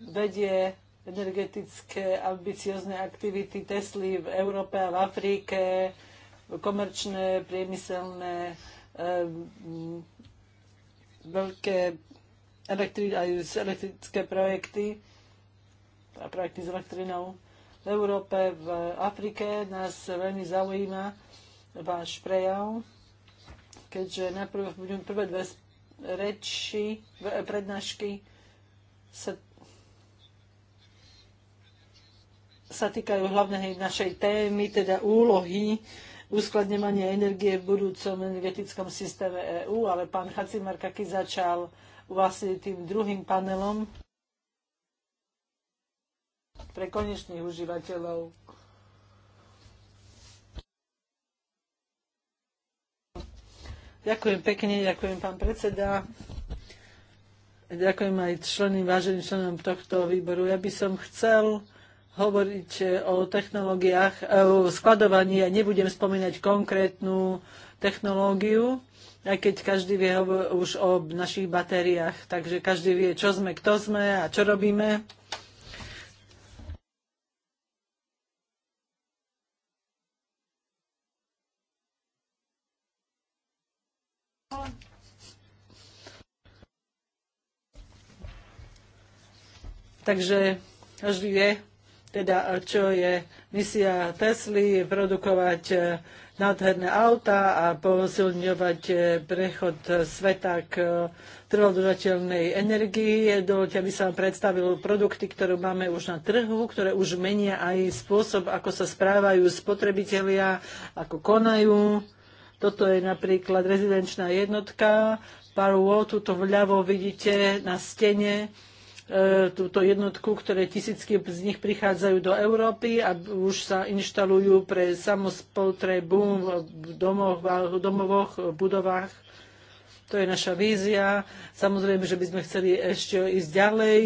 vedie energetické ambiciozne aktivity Tesly v Európe a v Afrike, komerčné, priemyselné, e, veľké elektri- aj elektrické projekty a projekty s elektrinou v Európe, v Afrike. Nás veľmi zaujíma váš prejav keďže najprv budeme prvé dve reči, e, prednášky sa, sa týkajú hlavnej našej témy, teda úlohy uskladňovania energie v budúcom energetickom systéme EÚ, ale pán Kaki začal vlastne tým druhým panelom pre konečných užívateľov Ďakujem pekne, ďakujem pán predseda. Ďakujem aj členým, váženým členom tohto výboru. Ja by som chcel hovoriť o technológiách e, o skladovaní. Ja nebudem spomínať konkrétnu technológiu, aj keď každý vie už o našich batériách, takže každý vie, čo sme, kto sme a čo robíme. Takže každý vie, teda čo je misia Tesly, produkovať eh, nádherné auta a posilňovať eh, prechod sveta k eh, trvodržateľnej energii. Dovolte, aby sa vám predstavil produkty, ktoré máme už na trhu, ktoré už menia aj spôsob, ako sa správajú spotrebitelia, ako konajú. Toto je napríklad rezidenčná jednotka. Paru tuto vľavo vidíte na stene E, túto jednotku, ktoré tisícky z nich prichádzajú do Európy a už sa inštalujú pre samospotrebu v domoch, domovoch, budovách. To je naša vízia. Samozrejme, že by sme chceli ešte ísť ďalej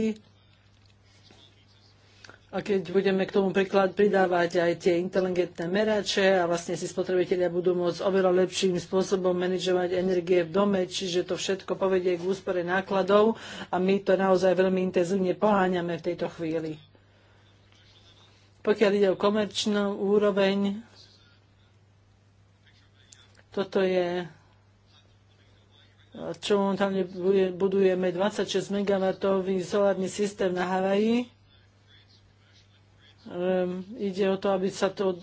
a keď budeme k tomu príklad pridávať aj tie inteligentné merače a vlastne si spotrebitelia budú môcť oveľa lepším spôsobom manažovať energie v dome, čiže to všetko povedie k úspore nákladov a my to naozaj veľmi intenzívne poháňame v tejto chvíli. Pokiaľ ide o komerčnú úroveň, toto je čo momentálne budujeme 26 MW solárny systém na Havaji Ehm, ide o to, aby sa to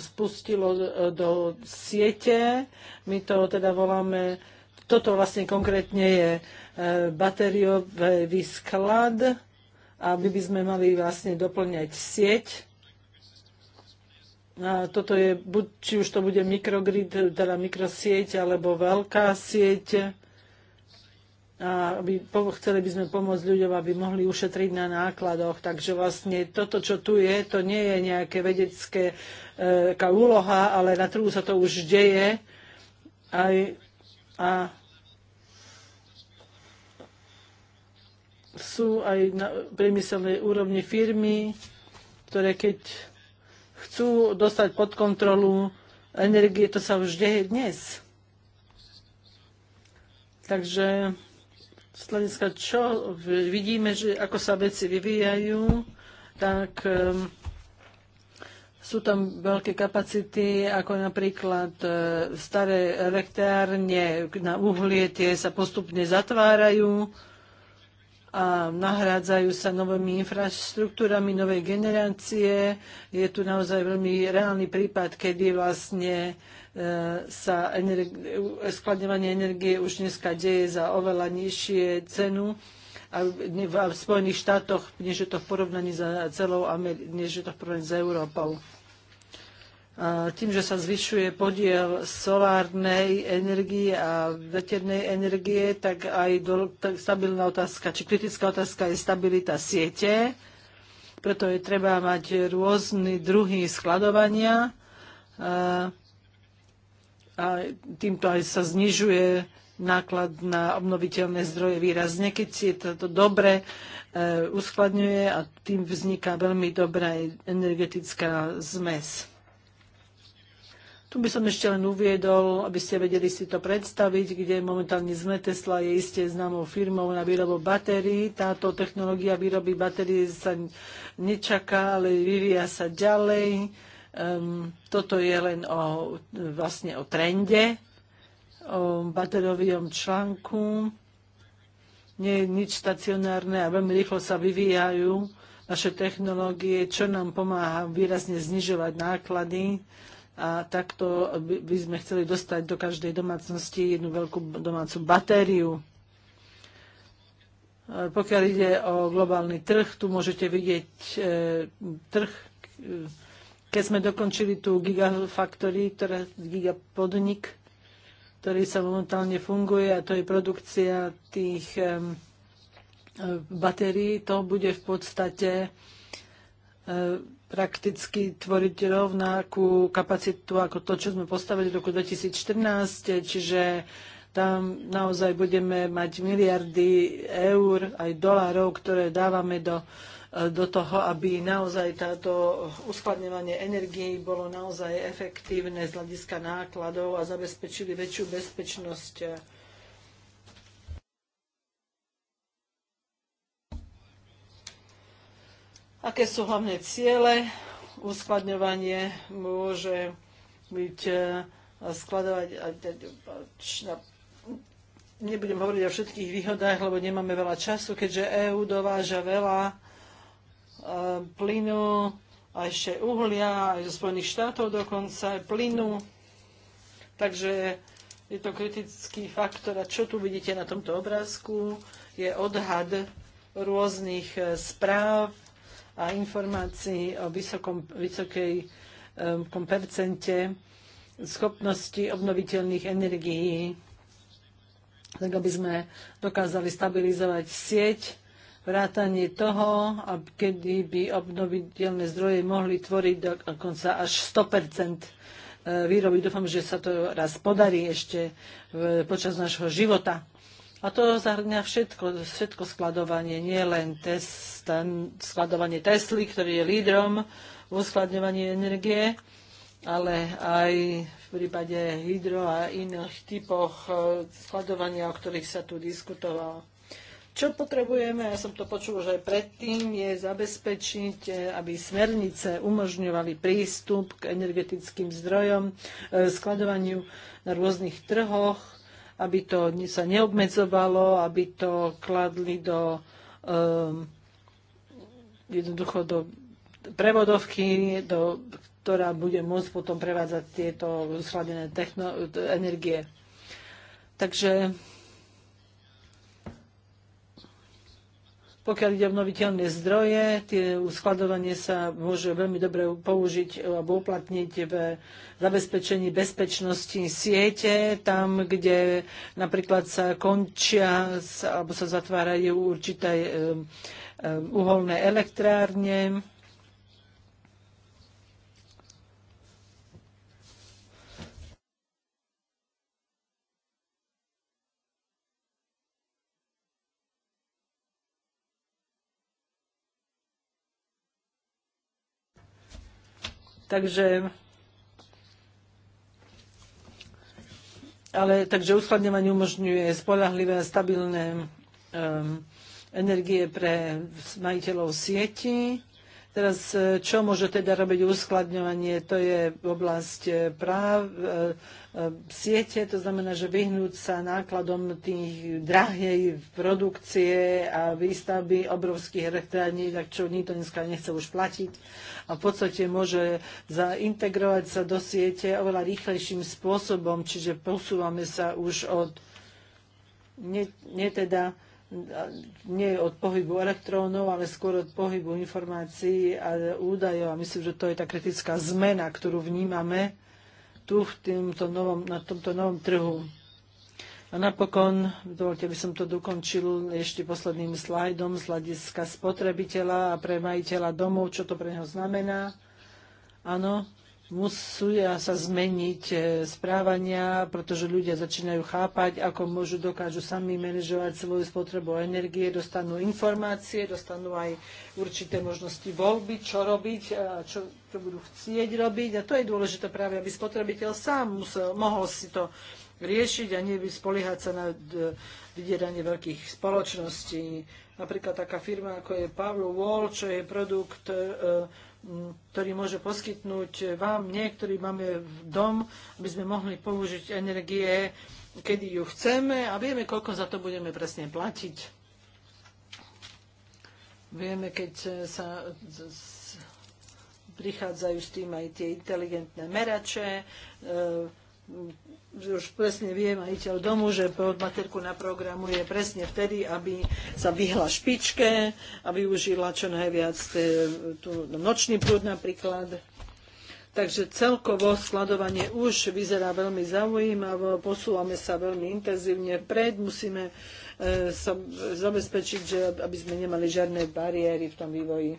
spustilo e, do siete. My to teda voláme, toto vlastne konkrétne je e, batériový sklad, aby by sme mali vlastne doplňať sieť. A toto je, buď, či už to bude mikrogrid, teda mikrosieť, alebo veľká sieť a aby, chceli by sme pomôcť ľuďom, aby mohli ušetriť na nákladoch. Takže vlastne toto, čo tu je, to nie je nejaké vedecké e, úloha, ale na trhu sa to už deje. Aj, a sú aj na priemyselnej úrovni firmy, ktoré keď chcú dostať pod kontrolu energie, to sa už deje dnes. Takže z hľadiska, čo vidíme, že ako sa veci vyvíjajú, tak um, sú tam veľké kapacity, ako napríklad e, staré elektrárne na uhlie, tie sa postupne zatvárajú a nahrádzajú sa novými infraštruktúrami novej generácie. Je tu naozaj veľmi reálny prípad, kedy vlastne e, sa energi- skladňovanie energie už dneska deje za oveľa nižšie cenu a v Spojených štátoch, než je to v porovnaní za celou, než je to v porovnaní s Európou tým, že sa zvyšuje podiel solárnej energie a veternej energie, tak aj do, tak stabilná otázka, či kritická otázka je stabilita siete. Preto je treba mať rôzny druhy skladovania a, a týmto aj sa znižuje náklad na obnoviteľné zdroje výrazne, keď si to dobre e, uskladňuje a tým vzniká veľmi dobrá energetická zmes. Tu by som ešte len uviedol, aby ste vedeli si to predstaviť, kde momentálne sme. Tesla je isté známou firmou na výrobu batérií. Táto technológia výroby batérií sa nečaká, ale vyvíja sa ďalej. Um, toto je len o, vlastne o trende, o bateriovom článku. Nie je nič stacionárne a veľmi rýchlo sa vyvíjajú naše technológie, čo nám pomáha výrazne znižovať náklady a takto by sme chceli dostať do každej domácnosti jednu veľkú domácu batériu. Pokiaľ ide o globálny trh, tu môžete vidieť e, trh. Keď sme dokončili tú gigafactory, ktorá gigapodnik, ktorý sa momentálne funguje a to je produkcia tých e, e batérií, to bude v podstate e, prakticky tvoriť rovnakú kapacitu ako to, čo sme postavili v roku 2014, čiže tam naozaj budeme mať miliardy eur aj dolárov, ktoré dávame do, do toho, aby naozaj táto uskladňovanie energií bolo naozaj efektívne z hľadiska nákladov a zabezpečili väčšiu bezpečnosť Aké sú hlavné ciele? Uskladňovanie môže byť e, skladovať nebudem hovoriť o všetkých výhodách, lebo nemáme veľa času, keďže EÚ dováža veľa e, plynu, a ešte uhlia, aj zo Spojených štátov dokonca, aj plynu. Takže je to kritický faktor. A čo tu vidíte na tomto obrázku, je odhad rôznych e, správ a informácií o vysokom, vysokej um, percente schopnosti obnoviteľných energií, tak aby sme dokázali stabilizovať sieť, vrátanie toho, kedy by obnoviteľné zdroje mohli tvoriť dokonca až 100 eh, výroby. Dúfam, že sa to raz podarí ešte eh, počas nášho života. A to zahrňa všetko, všetko skladovanie, nie len ten, skladovanie Tesly, ktorý je lídrom v uskladňovaní energie, ale aj v prípade hydro a iných typoch e, skladovania, o ktorých sa tu diskutovalo. Čo potrebujeme, ja som to počul už aj predtým, je zabezpečiť, e, aby smernice umožňovali prístup k energetickým zdrojom, e, skladovaniu na rôznych trhoch, aby to sa neobmedzovalo, aby to kladli do um, jednoducho do prevodovky, do, ktorá bude môcť potom prevádzať tieto schladené techno, energie. Takže Pokiaľ ide obnoviteľné zdroje, tie uskladovanie sa môže veľmi dobre použiť alebo uplatniť v zabezpečení bezpečnosti siete, tam, kde napríklad sa končia alebo sa zatvárajú určité eh, eh, uholné elektrárne Takže ale takže uskladňovanie umožňuje spolahlivé a stabilné um, energie pre majiteľov sieti Teraz, e, čo môže teda robiť uskladňovanie? To je oblasť e, práv, e, siete, to znamená, že vyhnúť sa nákladom tých drahej produkcie a výstavby obrovských elektrární, tak čo nikto dneska nechce už platiť. A v podstate môže zaintegrovať sa do siete oveľa rýchlejším spôsobom, čiže posúvame sa už od nie, nie teda nie od pohybu elektrónov, ale skôr od pohybu informácií a údajov. A myslím, že to je tá kritická zmena, ktorú vnímame tu v týmto novom, na tomto novom trhu. A napokon, dovolte by som to dokončil ešte posledným slajdom z hľadiska spotrebiteľa a pre majiteľa domov, čo to pre neho znamená. Áno, musia sa zmeniť e, správania, pretože ľudia začínajú chápať, ako môžu, dokážu sami manažovať svoju spotrebu energie, dostanú informácie, dostanú aj určité možnosti voľby, čo robiť, čo, čo budú chcieť robiť. A to je dôležité práve, aby spotrebiteľ sám musel, mohol si to riešiť a spoliehať sa na e, vydieranie veľkých spoločností. Napríklad taká firma, ako je Pavlo Wall, čo je produkt uh, ktorý môže poskytnúť vám, niektorí máme dom, aby sme mohli použiť energie, kedy ju chceme a vieme, koľko za to budeme presne platiť. Vieme, keď sa prichádzajú s tým aj tie inteligentné merače, e, už presne vie majiteľ domu, že pod materku naprogramuje presne vtedy, aby sa vyhla špičke, aby užila čo najviac e, tú nočný prúd napríklad. Takže celkovo skladovanie už vyzerá veľmi zaujímavo, posúvame sa veľmi intenzívne pred, musíme e, sa zabezpečiť, že aby sme nemali žiadne bariéry v tom vývoji.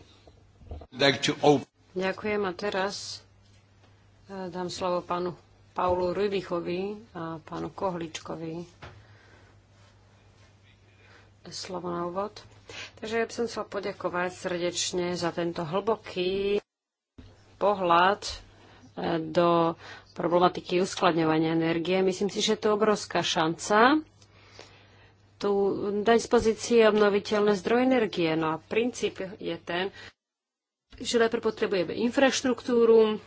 Ďakujem a teraz e, dám slovo pánu Paulu Rubichovi a pánu Kohličkovi slovo na úvod. Takže ja by som chcel poďakovať srdečne za tento hlboký pohľad e, do problematiky uskladňovania energie. Myslím si, že to je obrovská šanca tu dať z pozície obnoviteľné zdroje energie. No a princíp je ten, že najprv potrebujeme infraštruktúru,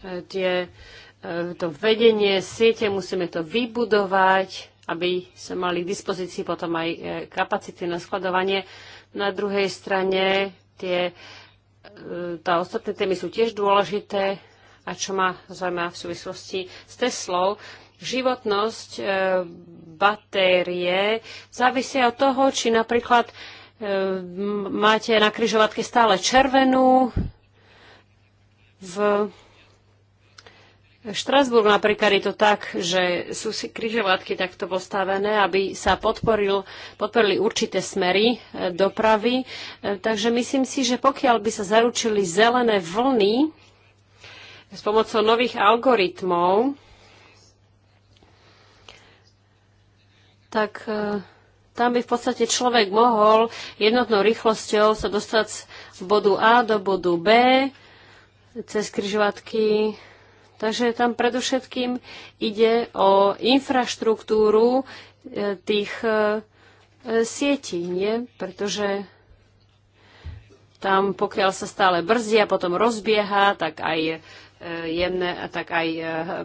e, tie E, to vedenie siete, musíme to vybudovať, aby sme mali k dispozícii potom aj e, kapacity na skladovanie. Na druhej strane tie, e, tá ostatné témy sú tiež dôležité a čo ma zaujíma v súvislosti s Teslou, životnosť batérie závisia od toho, či napríklad máte na kryžovatke stále červenú v Štrasburg napríklad je to tak, že sú si križovatky takto postavené, aby sa podporil, podporili určité smery e, dopravy. E, takže myslím si, že pokiaľ by sa zaručili zelené vlny s pomocou nových algoritmov, tak e, tam by v podstate človek mohol jednotnou rýchlosťou sa dostať z bodu A do bodu B cez križovatky Takže tam predovšetkým ide o infraštruktúru e, tých e, sietí, nie? Pretože tam, pokiaľ sa stále brzdí a potom rozbieha, tak aj e, jemné, tak aj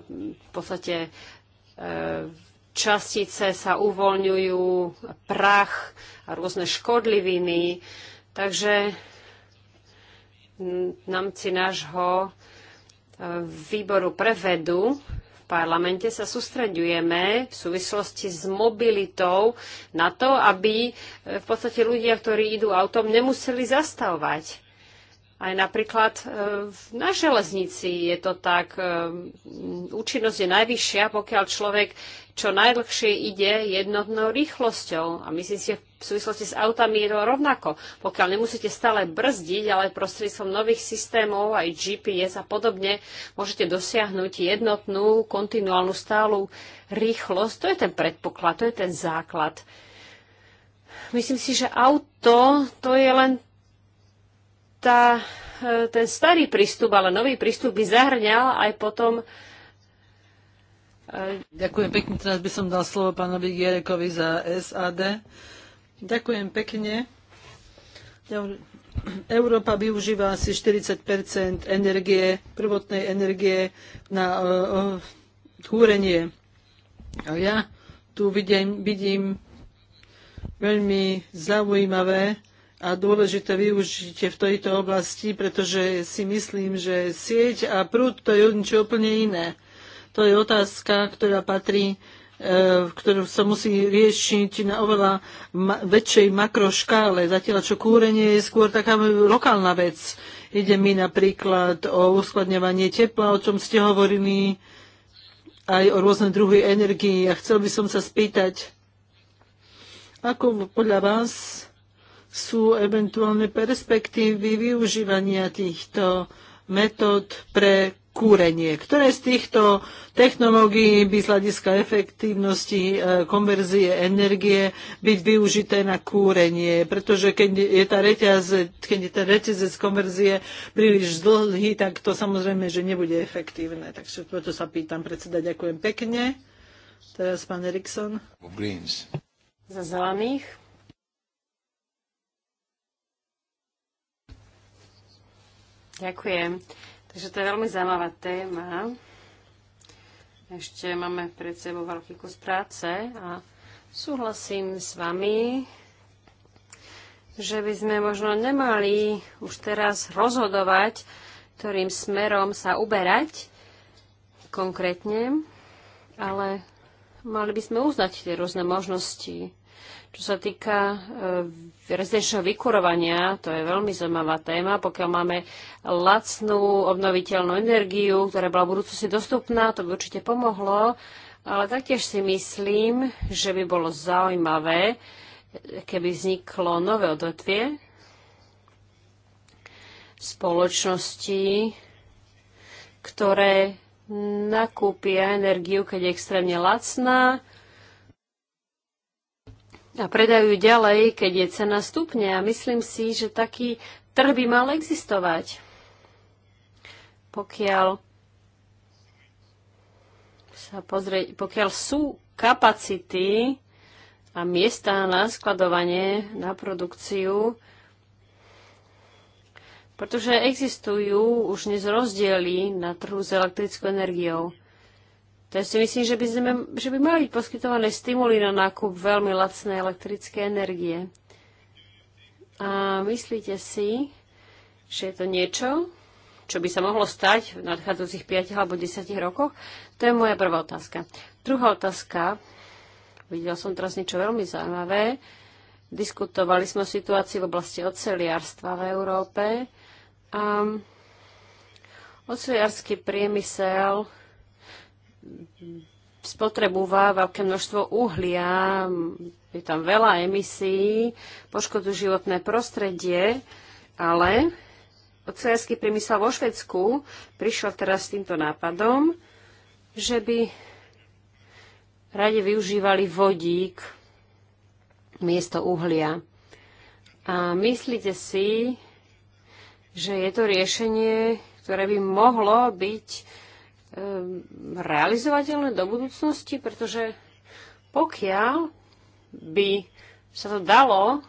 v podstate častice sa uvoľňujú, prach a rôzne škodliviny. Takže nám si nášho výboru pre vedu v parlamente sa sústreďujeme v súvislosti s mobilitou na to, aby v podstate ľudia, ktorí idú autom, nemuseli zastavovať. Aj napríklad e, na železnici je to tak, e, účinnosť je najvyššia, pokiaľ človek čo najdlhšie ide jednotnou rýchlosťou. A myslím si, že v súvislosti s autami je to rovnako. Pokiaľ nemusíte stále brzdiť, ale prostredstvom nových systémov, aj GPS a podobne, môžete dosiahnuť jednotnú, kontinuálnu, stálu rýchlosť. To je ten predpoklad, to je ten základ. Myslím si, že auto to je len tá, eh, ten starý prístup, ale nový prístup by zahrňal aj potom eh, Ďakujem pekne. Teraz by som dal slovo pánovi Gierekovi za SAD. Ďakujem pekne. Európa využíva asi 40 energie, prvotnej energie na uh, eh, uh, húrenie. A ja tu vidím, vidím veľmi zaujímavé a dôležité využitie v tejto oblasti, pretože si myslím, že sieť a prúd to je niečo úplne iné. To je otázka, ktorá patrí e, ktorú sa musí riešiť na oveľa väčšej makroškále. Zatiaľ čo kúrenie je skôr taká lokálna vec. Ide mi napríklad o uskladňovanie tepla, o čom ste hovorili, aj o rôzne druhy energii. A chcel by som sa spýtať, ako podľa vás sú eventuálne perspektívy využívania týchto metód pre kúrenie. Ktoré z týchto technológií by z hľadiska efektívnosti e, konverzie energie byť využité na kúrenie? Pretože keď je tá reťaz, keď je tá reťazec konverzie príliš dlhý, tak to samozrejme, že nebude efektívne. Takže preto sa pýtam predseda, ďakujem pekne. Teraz pán Erikson. Za zelených. Ďakujem. Takže to je veľmi zaujímavá téma. Ešte máme pred sebou veľký kus práce a súhlasím s vami, že by sme možno nemali už teraz rozhodovať, ktorým smerom sa uberať konkrétne, ale mali by sme uznať tie rôzne možnosti čo sa týka e, rezidenčného vykurovania, to je veľmi zaujímavá téma, pokiaľ máme lacnú obnoviteľnú energiu, ktorá bola v budúcnosti dostupná, to by určite pomohlo, ale taktiež si myslím, že by bolo zaujímavé, keby vzniklo nové odvetvie spoločnosti, ktoré nakúpia energiu, keď je extrémne lacná a predajú ďalej, keď je cena stupne. A myslím si, že taký trh by mal existovať. Pokiaľ, sa pozrie, pokiaľ sú kapacity a miesta na skladovanie, na produkciu, pretože existujú už dnes rozdiely na trhu s elektrickou energiou. To si myslím, že by, sme, že by mali byť poskytované stimuly na nákup veľmi lacnej elektrické energie. A myslíte si, že je to niečo, čo by sa mohlo stať v nadchádzajúcich 5 alebo 10 rokoch? To je moja prvá otázka. Druhá otázka. Videl som teraz niečo veľmi zaujímavé. Diskutovali sme o situácii v oblasti oceliarstva v Európe. A oceliarský priemysel spotrebúva veľké množstvo uhlia, je tam veľa emisí, poškodujú životné prostredie, ale ocelársky priemysel vo Švedsku prišiel teraz s týmto nápadom, že by radi využívali vodík miesto uhlia. A myslíte si, že je to riešenie, ktoré by mohlo byť Ehm, realizovateľné do budúcnosti, pretože pokiaľ by sa to dalo,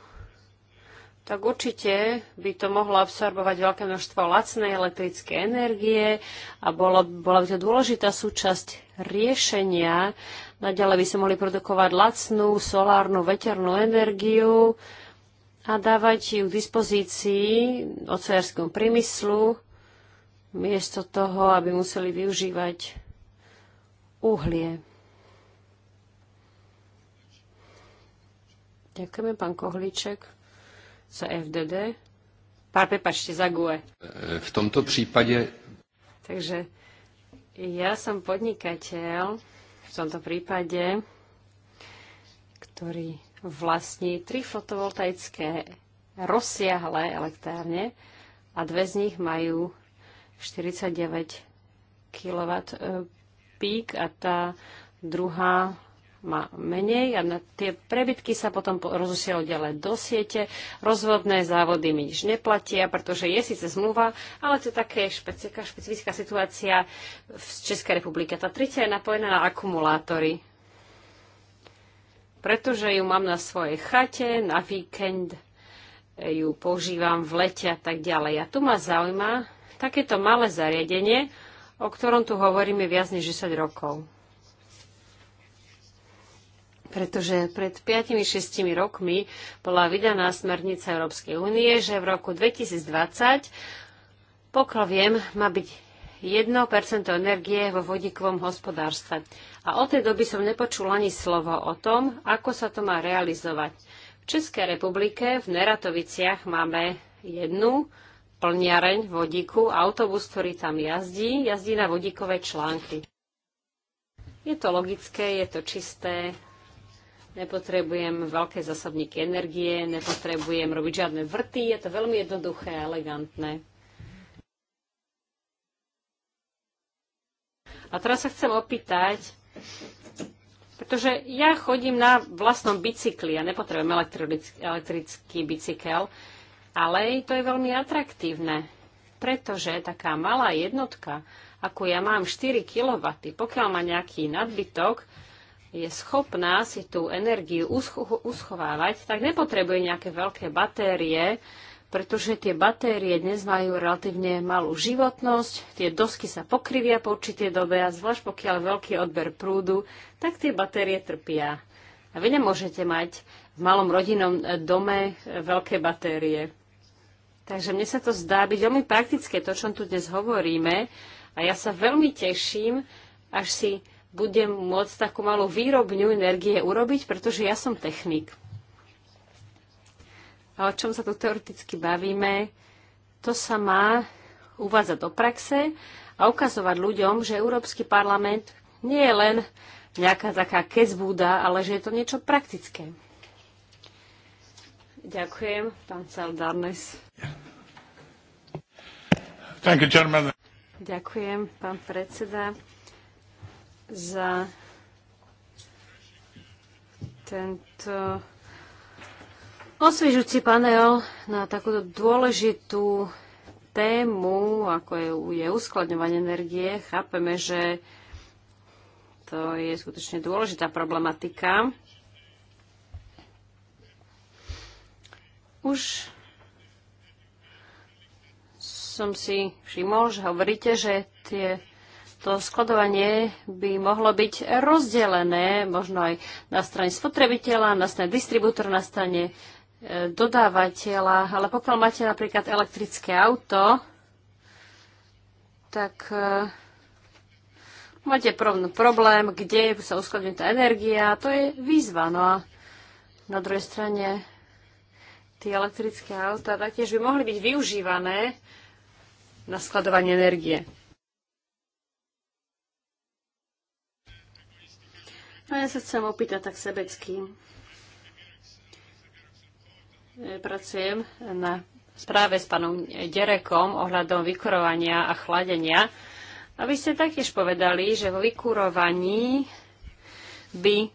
tak určite by to mohlo absorbovať veľké množstvo lacnej elektrické energie a bola, bola by to dôležitá súčasť riešenia. Naďalej by sa mohli produkovať lacnú solárnu veternú energiu a dávať ju k dispozícii oceárskom priemyslu miesto toho, aby museli využívať uhlie. Ďakujeme, pán Kohlíček, za FDD. Pár, prepačte, za GUE. V tomto prípade... Takže ja som podnikateľ v tomto prípade, ktorý vlastní tri fotovoltaické rozsiahle elektrárne a dve z nich majú 49 kW pík a tá druhá má menej a na tie prebytky sa potom rozosielajú ďalej do siete. Rozvodné závody mi nič neplatia, pretože je síce zmluva, ale to je také špecická špecifická situácia v Českej republike. Tá tretia je napojená na akumulátory, pretože ju mám na svojej chate, na víkend ju používam v lete a tak ďalej. A tu ma zaujíma, takéto malé zariadenie, o ktorom tu hovoríme viac než 10 rokov. Pretože pred 5-6 rokmi bola vydaná smernica Európskej únie, že v roku 2020, pokiaľ viem, má byť 1% energie vo vodíkovom hospodárstve. A od tej doby som nepočul ani slovo o tom, ako sa to má realizovať. V Českej republike v Neratoviciach máme jednu plniareň vodíku, autobus, ktorý tam jazdí, jazdí na vodíkové články. Je to logické, je to čisté, nepotrebujem veľké zásobníky energie, nepotrebujem robiť žiadne vrty, je to veľmi jednoduché a elegantné. A teraz sa chcem opýtať, pretože ja chodím na vlastnom bicykli, ja nepotrebujem elektrický, elektrický bicykel, ale to je veľmi atraktívne, pretože taká malá jednotka, ako ja mám 4 kW, pokiaľ má nejaký nadbytok, je schopná si tú energiu uscho- uschovávať, tak nepotrebuje nejaké veľké batérie, pretože tie batérie dnes majú relatívne malú životnosť, tie dosky sa pokrivia po určitej dobe a zvlášť pokiaľ veľký odber prúdu, tak tie batérie trpia. A vy nemôžete mať v malom rodinnom dome veľké batérie. Takže mne sa to zdá byť veľmi praktické, to, čo tu dnes hovoríme. A ja sa veľmi teším, až si budem môcť takú malú výrobňu energie urobiť, pretože ja som technik. A o čom sa tu teoreticky bavíme, to sa má uvádzať do praxe a ukazovať ľuďom, že Európsky parlament nie je len nejaká taká kezbúda, ale že je to niečo praktické. Ďakujem, pán Saldarnes. Ďakujem, pán predseda, za tento osviežujúci panel na takúto dôležitú tému, ako je, je uskladňovanie energie. Chápeme, že to je skutočne dôležitá problematika. Už som si všimol, že hovoríte, že tie, to skladovanie by mohlo byť rozdelené možno aj na strane spotrebiteľa, na strane distribútora, na strane e, dodávateľa, ale pokiaľ máte napríklad elektrické auto, tak e, máte problém, kde sa uskladňuje tá energia, to je výzva. No a na druhej strane tie elektrické autá taktiež by mohli byť využívané na skladovanie energie. A no, ja sa chcem opýtať tak sebecky. Pracujem na správe s pánom Derekom ohľadom vykurovania a chladenia. A vy ste taktiež povedali, že vo vykurovaní by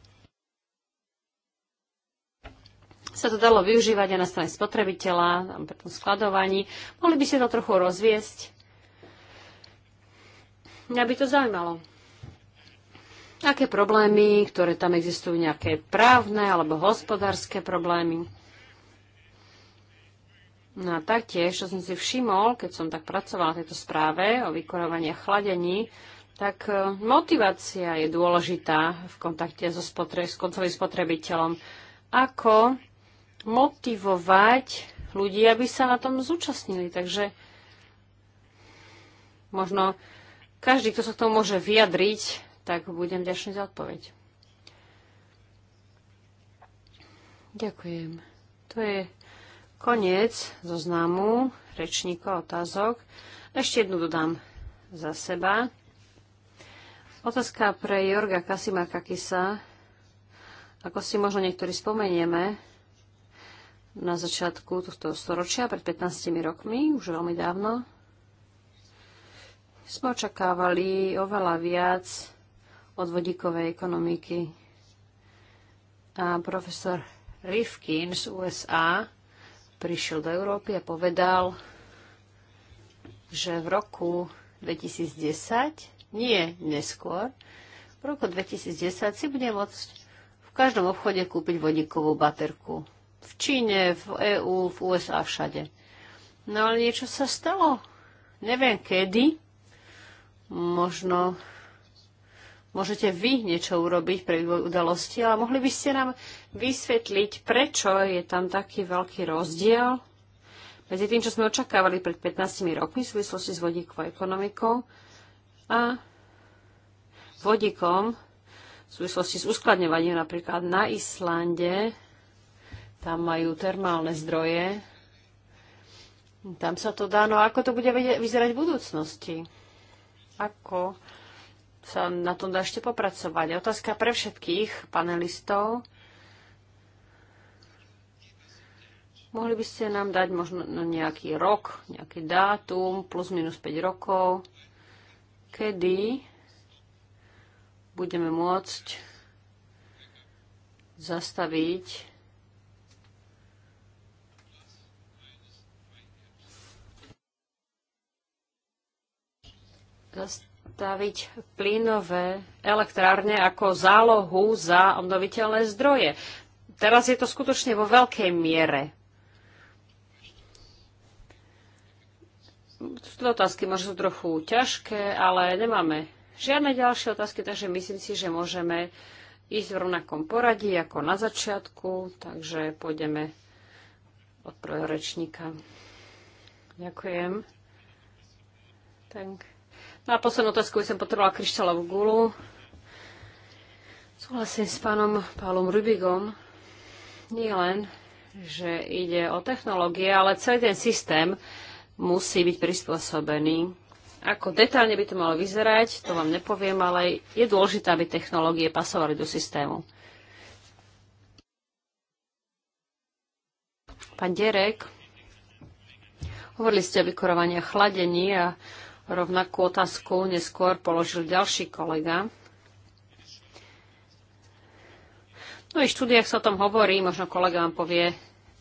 sa to dalo využívať aj na strane spotrebiteľa, pri tom skladovaní. Mohli by ste to trochu rozviesť? Mňa by to zaujímalo. Aké problémy, ktoré tam existujú, nejaké právne alebo hospodárske problémy? No a taktiež, čo som si všimol, keď som tak pracovala na tejto správe o vykorovaní a chladení, tak e, motivácia je dôležitá v kontakte so spotre- s koncovým spotrebiteľom. Ako motivovať ľudí, aby sa na tom zúčastnili. Takže možno každý, kto sa k tomu môže vyjadriť, tak budem ďačný za odpoveď. Ďakujem. To je koniec zoznamu rečníkov otázok. Ešte jednu dodám za seba. Otázka pre Jorga Kasimaka Kisa. Ako si možno niektorí spomenieme, na začiatku tohto storočia, pred 15 rokmi, už veľmi dávno, sme očakávali oveľa viac od vodíkovej ekonomiky. A profesor Rifkin z USA prišiel do Európy a povedal, že v roku 2010, nie neskôr, v roku 2010 si bude môcť v každom obchode kúpiť vodíkovú baterku v Číne, v EÚ, v USA, všade. No ale niečo sa stalo. Neviem kedy. Možno môžete vy niečo urobiť pre vývoj udalosti, ale mohli by ste nám vysvetliť, prečo je tam taký veľký rozdiel medzi tým, čo sme očakávali pred 15 rokmi v súvislosti s vodíkovou ekonomikou a vodíkom v súvislosti s uskladňovaním napríklad na Islande tam majú termálne zdroje. Tam sa to dá. No ako to bude vyzerať v budúcnosti? Ako sa na tom dá ešte popracovať? Otázka pre všetkých panelistov. Mohli by ste nám dať možno nejaký rok, nejaký dátum, plus minus 5 rokov, kedy budeme môcť zastaviť zastaviť plynové elektrárne ako zálohu za obnoviteľné zdroje. Teraz je to skutočne vo veľkej miere. Tuto otázky možno trochu ťažké, ale nemáme žiadne ďalšie otázky, takže myslím si, že môžeme ísť v rovnakom poradí ako na začiatku, takže pôjdeme od prvého rečníka. Ďakujem. Tak. No a poslednú otázku by som potrebovala kryštálovú gulu. Súhlasím s pánom Pálom Rubigom. Nie len, že ide o technológie, ale celý ten systém musí byť prispôsobený. Ako detálne by to malo vyzerať, to vám nepoviem, ale je dôležité, aby technológie pasovali do systému. Pán Derek, hovorili ste o vykurovaní a chladení a Rovnakú otázku neskôr položil ďalší kolega. No v štúdiách sa o tom hovorí, možno kolega vám povie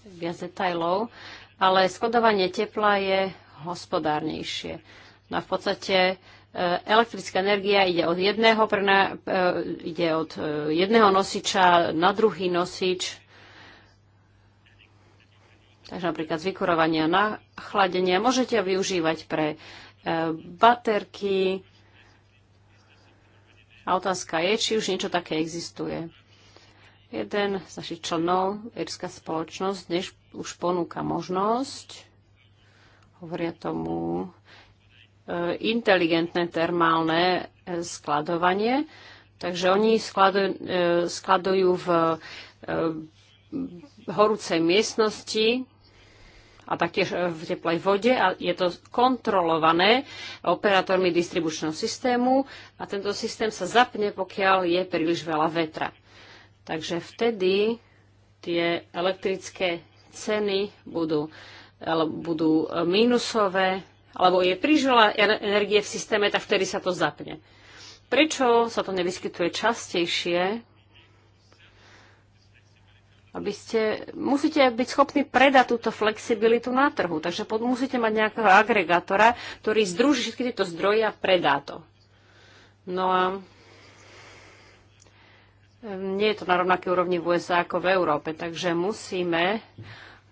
viac detajlov, ale skodovanie tepla je hospodárnejšie. No a v podstate e, elektrická energia ide od jedného, prena, e, ide od e, jedného nosiča na druhý nosič. Takže napríklad z vykurovania na chladenie môžete využívať pre baterky. A otázka je, či už niečo také existuje. Jeden z našich členov, Irská spoločnosť, dnes už ponúka možnosť, hovoria tomu, e, inteligentné termálne e, skladovanie. Takže oni skladujú, e, skladujú v horúcej miestnosti a taktiež e, v teplej vode a je to kontrolované operátormi distribučného systému a tento systém sa zapne, pokiaľ je príliš veľa vetra. Takže vtedy tie elektrické ceny budú, budú e, mínusové, alebo je príliš veľa energie v systéme, tak vtedy sa to zapne. Prečo sa to nevyskytuje častejšie aby ste, musíte byť schopní predať túto flexibilitu na trhu. Takže pod, musíte mať nejakého agregátora, ktorý združí všetky tieto zdroje a predá to. No a nie je to na rovnaké úrovni v USA ako v Európe, takže musíme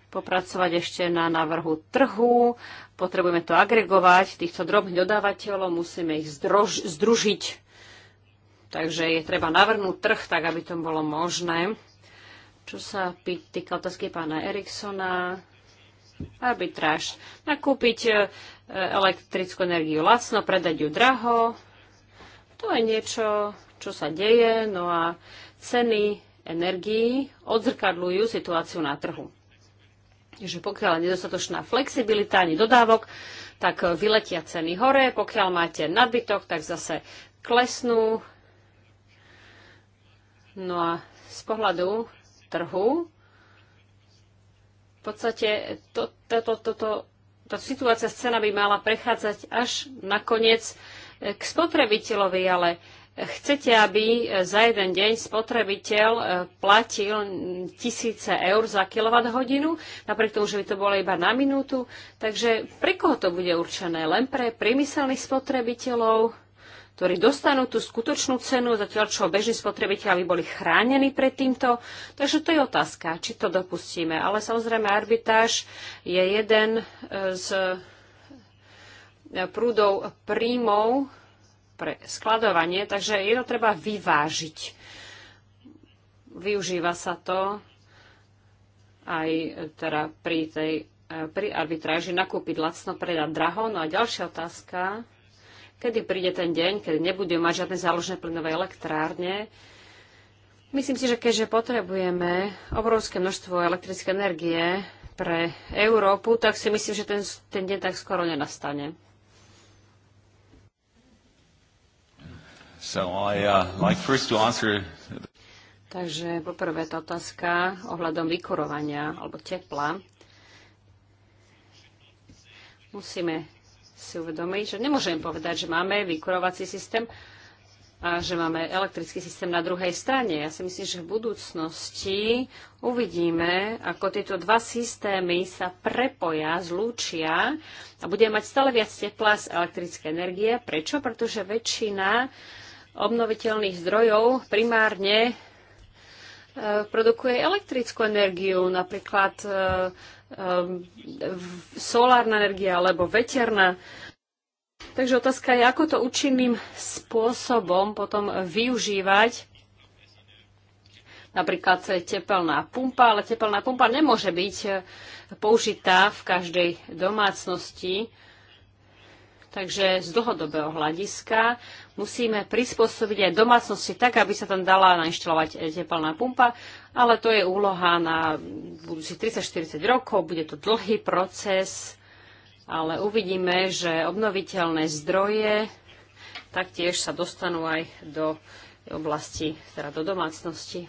popracovať ešte na návrhu trhu, potrebujeme to agregovať, týchto drobných dodávateľov musíme ich združiť. Takže je treba navrhnúť trh tak, aby to bolo možné. Čo sa týka otázky pána Eriksona, arbitráž. Nakúpiť e, elektrickú energiu lacno, predať ju draho. To je niečo, čo sa deje, no a ceny energií odzrkadľujú situáciu na trhu. Takže pokiaľ je nedostatočná flexibilita ani dodávok, tak vyletia ceny hore, pokiaľ máte nadbytok, tak zase klesnú. No a z pohľadu trhu. V podstate to, toto, to, tá situácia s cenami mala prechádzať až nakoniec e, k spotrebiteľovi, ale chcete, aby e, za jeden deň spotrebiteľ e, platil tisíce eur za kilowatt hodinu, napriek tomu, že by to bolo iba na minútu. Takže pre koho to bude určené? Len pre priemyselných spotrebiteľov? ktorí dostanú tú skutočnú cenu, zatiaľ čo bežní spotrebiteľi boli chránení pred týmto. Takže to je otázka, či to dopustíme. Ale samozrejme, arbitráž je jeden e, z e, prúdov príjmov pre skladovanie, takže je to treba vyvážiť. Využíva sa to aj e, teda pri tej pri arbitráži nakúpiť lacno, predať draho. No a ďalšia otázka, Kedy príde ten deň, kedy nebudeme mať žiadne záložné plynové elektrárne? Myslím si, že keďže potrebujeme obrovské množstvo elektrické energie pre Európu, tak si myslím, že ten, ten deň tak skoro nenastane. So I, uh, like first to answer... Takže poprvé tá otázka ohľadom vykurovania alebo tepla. Musíme si uvedomí, že nemôžem povedať, že máme vykurovací systém a že máme elektrický systém na druhej strane. Ja si myslím, že v budúcnosti uvidíme, ako tieto dva systémy sa prepoja, zlúčia a budeme mať stále viac tepla z elektrické energie. Prečo? Pretože väčšina obnoviteľných zdrojov primárne eh, produkuje elektrickú energiu, napríklad eh, Ehm, solárna energia alebo veterná. Takže otázka je, ako to účinným spôsobom potom využívať napríklad tepelná pumpa, ale tepelná pumpa nemôže byť eh, použitá v každej domácnosti. Takže z dlhodobého hľadiska musíme prispôsobiť aj domácnosti tak, aby sa tam dala nainštalovať eh, tepelná pumpa, ale to je úloha na budúcich 30-40 rokov, bude to dlhý proces, ale uvidíme, že obnoviteľné zdroje taktiež sa dostanú aj do oblasti, teda do domácnosti.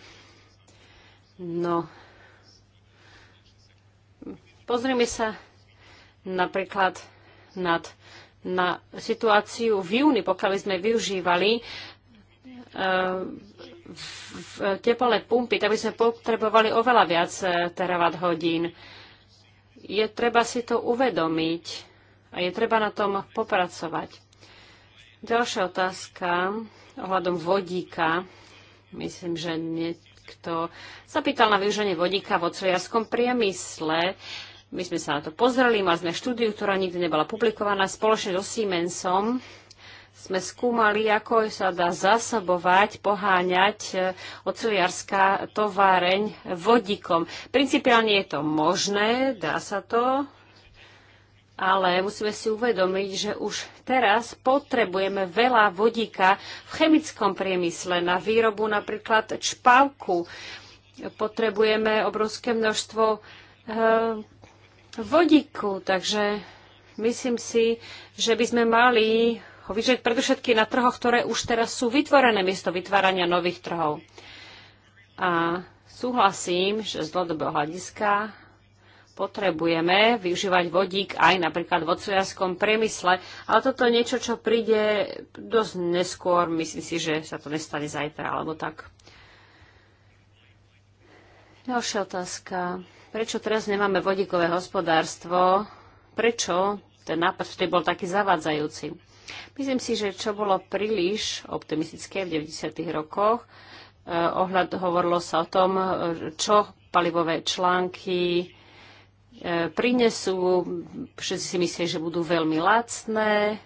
No, pozrime sa napríklad nad na situáciu v júni, pokiaľ sme využívali eh, teplné pumpy, tak by sme potrebovali oveľa viac eh, terawatt hodín. Je treba si to uvedomiť a je treba na tom popracovať. Ďalšia otázka ohľadom vodíka. Myslím, že niekto sa pýtal na využenie vodíka v oceliarskom priemysle. Uh, my sme sa na to pozreli, mali sme štúdiu, ktorá nikdy nebola publikovaná. Spoločne so Siemensom sme skúmali, ako sa dá zasobovať, poháňať e, oceliarská továreň vodíkom. Principiálne je to možné, dá sa to, ale musíme si uvedomiť, že už teraz potrebujeme veľa vodíka v chemickom priemysle na výrobu napríklad čpavku. Potrebujeme obrovské množstvo e, vodíku. Takže myslím si, že by sme mali ho vyžiť predovšetky na trhoch, ktoré už teraz sú vytvorené miesto vytvárania nových trhov. A súhlasím, že z dlhodobého hľadiska potrebujeme využívať vodík aj napríklad v ocelárskom priemysle, ale toto je niečo, čo príde dosť neskôr. Myslím si, že sa to nestane zajtra alebo tak. Ďalšia otázka prečo teraz nemáme vodíkové hospodárstvo, prečo ten nápad vtedy bol taký zavádzajúci. Myslím si, že čo bolo príliš optimistické v 90. rokoch, eh, ohľad hovorilo sa o tom, eh, čo palivové články eh, prinesú. Všetci si myslí, že budú veľmi lacné.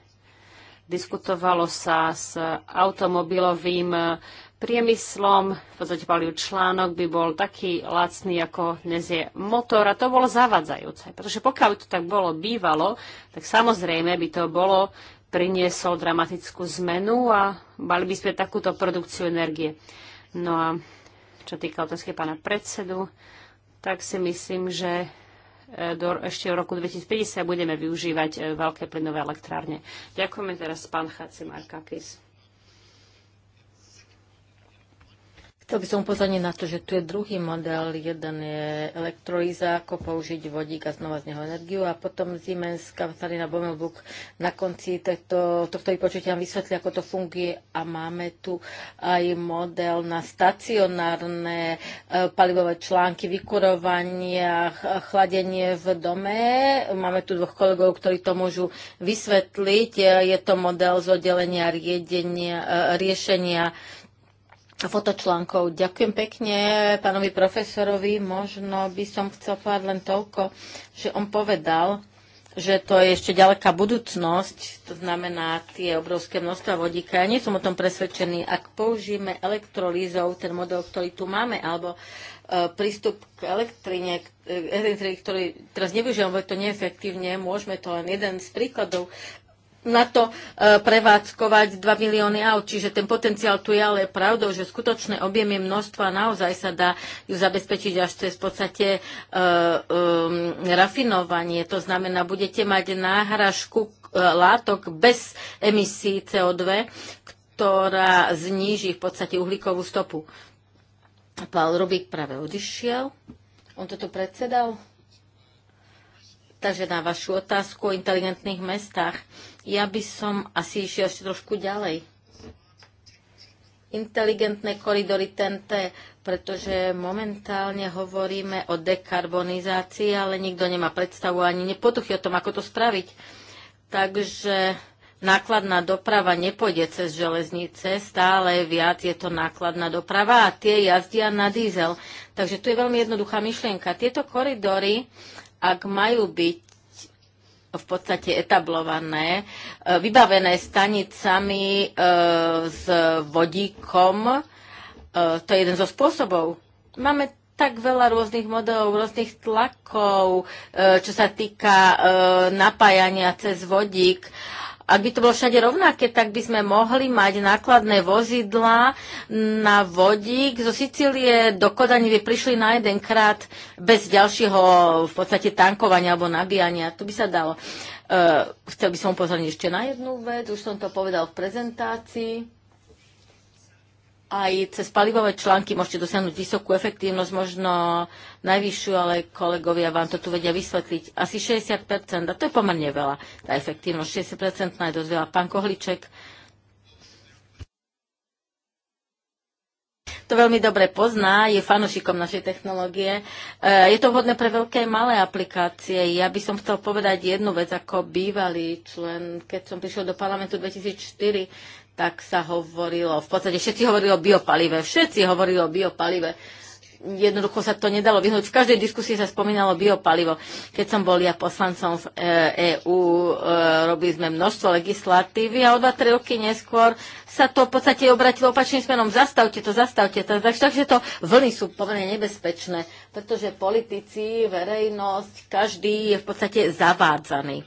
Diskutovalo sa s automobilovým eh, priemyslom. V podstate ju článok by bol taký lacný, ako dnes je motor. A to bolo zavadzajúce, pretože pokiaľ by to tak bolo bývalo, tak samozrejme by to bolo priniesol dramatickú zmenu a mali by sme takúto produkciu energie. No a čo týka otázky pána predsedu, tak si myslím, že e, do, ešte v roku 2050 budeme využívať e, veľké plynové elektrárne. Ďakujeme teraz pán Chacimar Kakis. Chcel by som upozorniť na to, že tu je druhý model. Jeden je elektrolíza, ako použiť vodík a znova z neho energiu. A potom Siemens, Katarina Bomelbuk na konci tohto, tohto vypočutia nám vysvetlí, ako to funguje. A máme tu aj model na stacionárne e, palivové články, vykurovania, chladenie v dome. Máme tu dvoch kolegov, ktorí to môžu vysvetliť. E, je to model z oddelenia riedenia, e, riešenia fotočlánkov. Ďakujem pekne pánovi profesorovi. Možno by som chcel povedať len toľko, že on povedal, že to je ešte ďaleká budúcnosť, to znamená tie obrovské množstva vodíka. Ja nie som o tom presvedčený. Ak použijeme elektrolízov, ten model, ktorý tu máme, alebo e, prístup k elektrine, k, e, elektrine, ktorý teraz je to neefektívne, môžeme to len jeden z príkladov na to e, prevádzkovať 2 milióny aut. Čiže ten potenciál tu je, ale je pravdou, že skutočné objemy množstva naozaj sa dá ju zabezpečiť až cez v podstate e, e, rafinovanie. To znamená, budete mať náhražku e, látok bez emisí CO2, ktorá zníži v podstate uhlíkovú stopu. Pál Rubik práve odišiel. On toto predsedal. Takže na vašu otázku o inteligentných mestách. Ja by som asi išiel ešte trošku ďalej. Inteligentné koridory TNT, pretože momentálne hovoríme o dekarbonizácii, ale nikto nemá predstavu ani nepotuchy o tom, ako to spraviť. Takže nákladná doprava nepôjde cez železnice, stále viac je to nákladná doprava a tie jazdia na diesel. Takže tu je veľmi jednoduchá myšlienka. Tieto koridory, ak majú byť v podstate etablované, e, vybavené stanicami e, s vodíkom. E, to je jeden zo spôsobov. Máme tak veľa rôznych modelov, rôznych tlakov, čo sa týka napájania cez vodík ak by to bolo všade rovnaké, tak by sme mohli mať nákladné vozidla na vodík. Zo Sicílie do Kodani by prišli na jeden krát bez ďalšieho v podstate tankovania alebo nabíjania. To by sa dalo. Uh, chcel by som upozorniť ešte na jednu vec, už som to povedal v prezentácii aj cez palivové články môžete dosiahnuť vysokú efektívnosť, možno najvyššiu, ale kolegovia vám to tu vedia vysvetliť. Asi 60%, a to je pomerne veľa, tá efektívnosť. 60% je dosť veľa. Pán Kohliček, to veľmi dobre pozná, je fanušikom našej technológie. E, je to vhodné pre veľké malé aplikácie. Ja by som chcel povedať jednu vec ako bývalý člen. Keď som prišiel do parlamentu 2004, tak sa hovorilo, v podstate všetci hovorili o biopalive, všetci hovorili o biopalive. Jednoducho sa to nedalo vyhnúť. V každej diskusii sa spomínalo biopalivo. Keď som bol ja poslancom v EÚ, e e, robili sme množstvo legislatívy a o 2-3 roky neskôr sa to v podstate obratilo opačným smerom. Zastavte to, zastavte to. Takže to vlny sú pomerne nebezpečné, pretože politici, verejnosť, každý je v podstate zavádzaný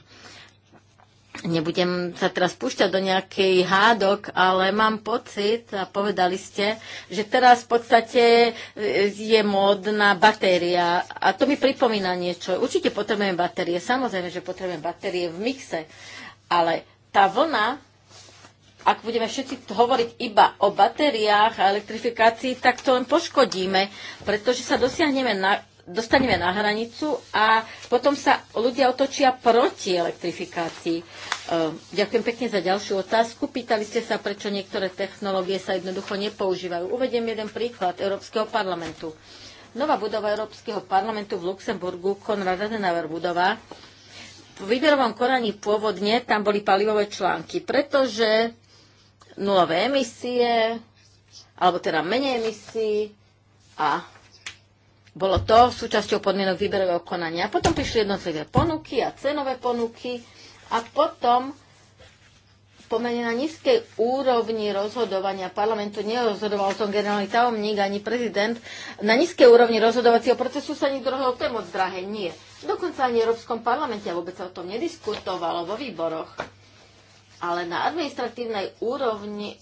Nebudem sa teraz púšťať do nejakej hádok, ale mám pocit, a povedali ste, že teraz v podstate e, je módna batéria. A to mi pripomína niečo. Určite potrebujeme batérie. Samozrejme, že potrebujeme batérie v mixe. Ale tá vlna, ak budeme všetci hovoriť iba o batériách a elektrifikácii, tak to len poškodíme, pretože sa dosiahneme na dostaneme na hranicu a potom sa ľudia otočia proti elektrifikácii. E, ďakujem pekne za ďalšiu otázku. Pýtali ste sa, prečo niektoré technológie sa jednoducho nepoužívajú. Uvediem jeden príklad Európskeho parlamentu. Nová budova Európskeho parlamentu v Luxemburgu, Konrad Adenauer budova, v výberovom koraní pôvodne tam boli palivové články, pretože nulové emisie, alebo teda menej emisí a bolo to súčasťou podmienok výberového konania. Potom prišli jednotlivé ponuky a cenové ponuky a potom pomene na nízkej úrovni rozhodovania parlamentu nerozhodoval o tom generálny tajomník ani prezident. Na nízkej úrovni rozhodovacieho procesu sa nikto rozhodol, to je moc drahé, nie. Dokonca ani v Európskom parlamente vôbec sa o tom nediskutovalo vo výboroch. Ale na administratívnej úrovni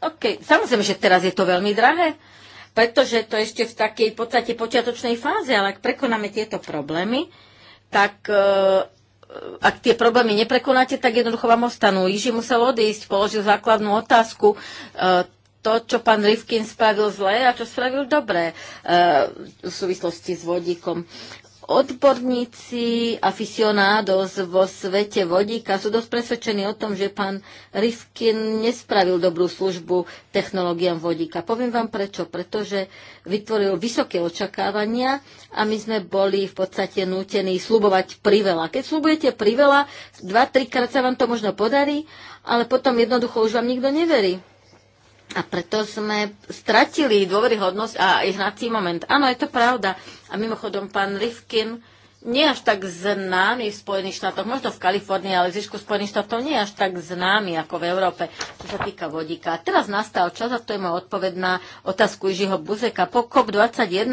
OK, samozrejme, že teraz je to veľmi drahé, pretože to je ešte v takej v podstate počiatočnej fáze, ale ak prekonáme tieto problémy, tak e, e, ak tie problémy neprekonáte, tak jednoducho vám ostanú. Iži musel odísť, položil základnú otázku, e, to, čo pán Rifkin spravil zle a čo spravil dobre v súvislosti s vodíkom odborníci aficionádos vo svete vodíka sú dosť presvedčení o tom, že pán Rifkin nespravil dobrú službu technológiám vodíka. Poviem vám prečo. Pretože vytvoril vysoké očakávania a my sme boli v podstate nútení slubovať priveľa. Keď slubujete priveľa, dva, trikrát sa vám to možno podarí, ale potom jednoducho už vám nikto neverí. A preto sme stratili dôveryhodnosť a hnací moment. Áno, je to pravda. A mimochodom, pán Rifkin nie až tak známy v Spojených štátoch, možno v Kalifornii, ale v zvyšku Spojených štátov nie až tak známy ako v Európe, čo sa týka vodíka. A teraz nastal čas, a to je moja odpoveď na otázku Ižiho Buzeka. Po COP21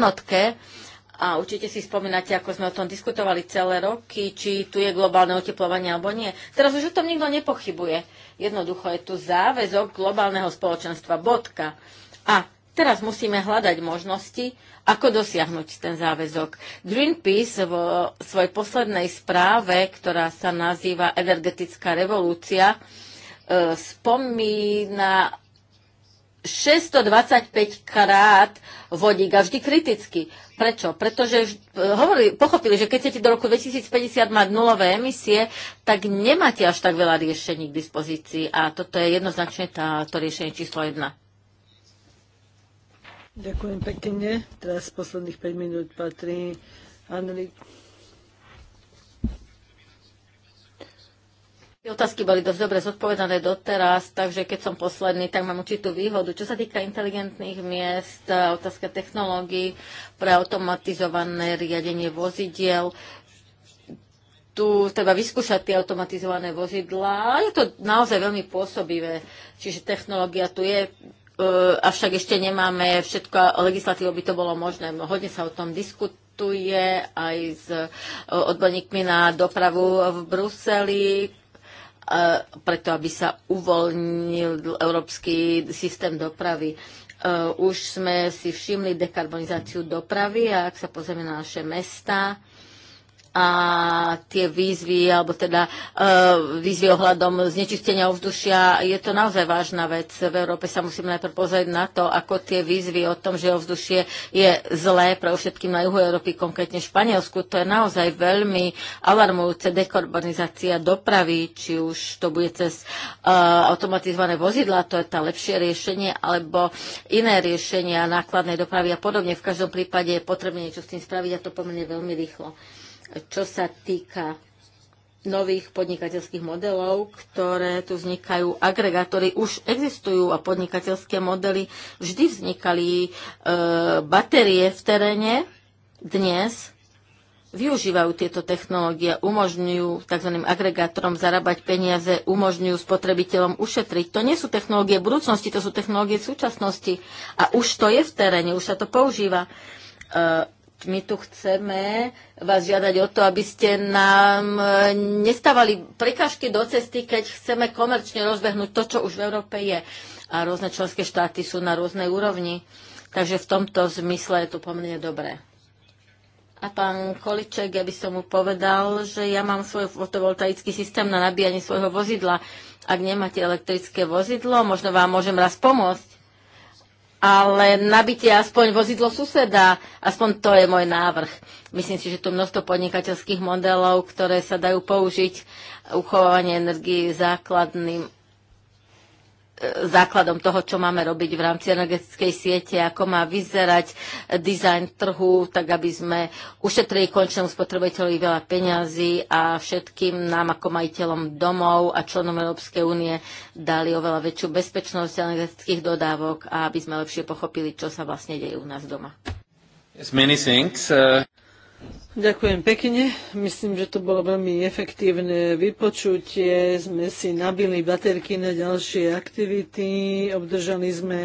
a určite si spomínate, ako sme o tom diskutovali celé roky, či tu je globálne oteplovanie alebo nie. Teraz už o tom nikto nepochybuje Jednoducho je tu záväzok globálneho spoločenstva bodka. A teraz musíme hľadať možnosti, ako dosiahnuť ten záväzok. Greenpeace vo svojej poslednej správe, ktorá sa nazýva Energetická revolúcia, e, spomína 625 krát vodík a vždy kriticky. Prečo? Pretože e, hovorili, pochopili, že keď chcete do roku 2050 mať nulové emisie, tak nemáte až tak veľa riešení k dispozícii a toto je jednoznačne tá, to riešenie číslo jedna. Ďakujem pekne. Teraz posledných 5 minút patrí Anneli Tie otázky boli dosť dobre zodpovedané doteraz, takže keď som posledný, tak mám určitú výhodu. Čo sa týka inteligentných miest, otázka technológií pre automatizované riadenie vozidiel, tu treba vyskúšať tie automatizované vozidlá. Je to naozaj veľmi pôsobivé, čiže technológia tu je, e, avšak ešte nemáme všetko, legislatívo by to bolo možné. Hodne sa o tom diskutuje aj s odborníkmi na dopravu v Bruseli, E, preto aby sa uvoľnil európsky systém dopravy. E, už sme si všimli dekarbonizáciu dopravy a ak sa pozrieme na naše mesta, a tie výzvy, alebo teda e, výzvy ohľadom znečistenia ovzdušia, je to naozaj vážna vec. V Európe sa musíme najprv pozrieť na to, ako tie výzvy o tom, že ovzdušie je zlé pre všetkým na juhu Európy, konkrétne v Španielsku, to je naozaj veľmi alarmujúce dekarbonizácia dopravy, či už to bude cez e, automatizované vozidla, to je tá lepšie riešenie, alebo iné riešenia nákladnej dopravy a podobne. V každom prípade je potrebné niečo s tým spraviť a to pomerne veľmi rýchlo čo sa týka nových podnikateľských modelov, ktoré tu vznikajú. Agregátory už existujú a podnikateľské modely vždy vznikali. E, batérie v teréne dnes využívajú tieto technológie, umožňujú tzv. agregátorom zarábať peniaze, umožňujú spotrebiteľom ušetriť. To nie sú technológie budúcnosti, to sú technológie súčasnosti. A už to je v teréne, už sa to používa. E, my tu chceme vás žiadať o to, aby ste nám eh, nestávali prekažky do cesty, keď chceme komerčne rozbehnúť to, čo už v Európe je. A rôzne členské štáty sú na rôznej úrovni. Takže v tomto zmysle je to pomerne dobré. A pán Količek, ja by som mu povedal, že ja mám svoj fotovoltaický systém na nabíjanie svojho vozidla. Ak nemáte elektrické vozidlo, možno vám môžem raz pomôcť ale nabite aspoň vozidlo suseda, aspoň to je môj návrh. Myslím si, že tu množstvo podnikateľských modelov, ktoré sa dajú použiť, uchovávanie energii základným základom toho, čo máme robiť v rámci energetickej siete, ako má vyzerať dizajn trhu, tak aby sme ušetrili končnému spotrebiteľovi veľa peňazí a všetkým nám ako majiteľom domov a členom Európskej únie dali oveľa väčšiu bezpečnosť energetických dodávok a aby sme lepšie pochopili, čo sa vlastne deje u nás doma. Yes, many things. Uh... Ďakujem pekne. Myslím, že to bolo veľmi efektívne vypočutie. Sme si nabili baterky na ďalšie aktivity. Obdržali sme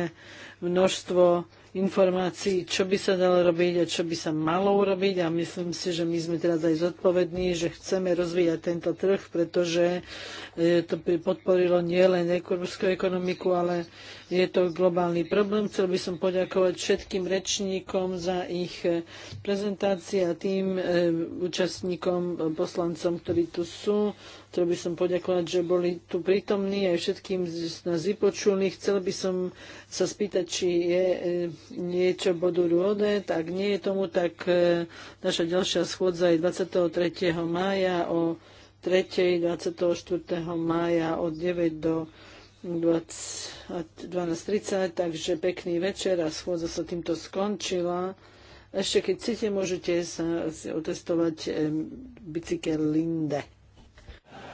množstvo informácií, čo by sa dalo robiť a čo by sa malo urobiť. A myslím si, že my sme teraz aj zodpovední, že chceme rozvíjať tento trh, pretože e, to podporilo nielen ekonomickú ekonomiku, ale je to globálny problém. Chcel by som poďakovať všetkým rečníkom za ich e, prezentácie a tým e, účastníkom, poslancom, ktorí tu sú. Chcel by som poďakovať, že boli tu prítomní aj všetkým z nás vypočuli. Chcel by som sa spýtať, či je e, niečo bodu rôde. Tak nie je tomu, tak e, naša ďalšia schôdza je 23. mája o 3. 24. mája od 9 do 12.30, takže pekný večer a schôdza sa týmto skončila. Ešte keď chcete, môžete sa otestovať e, bicykel Linde.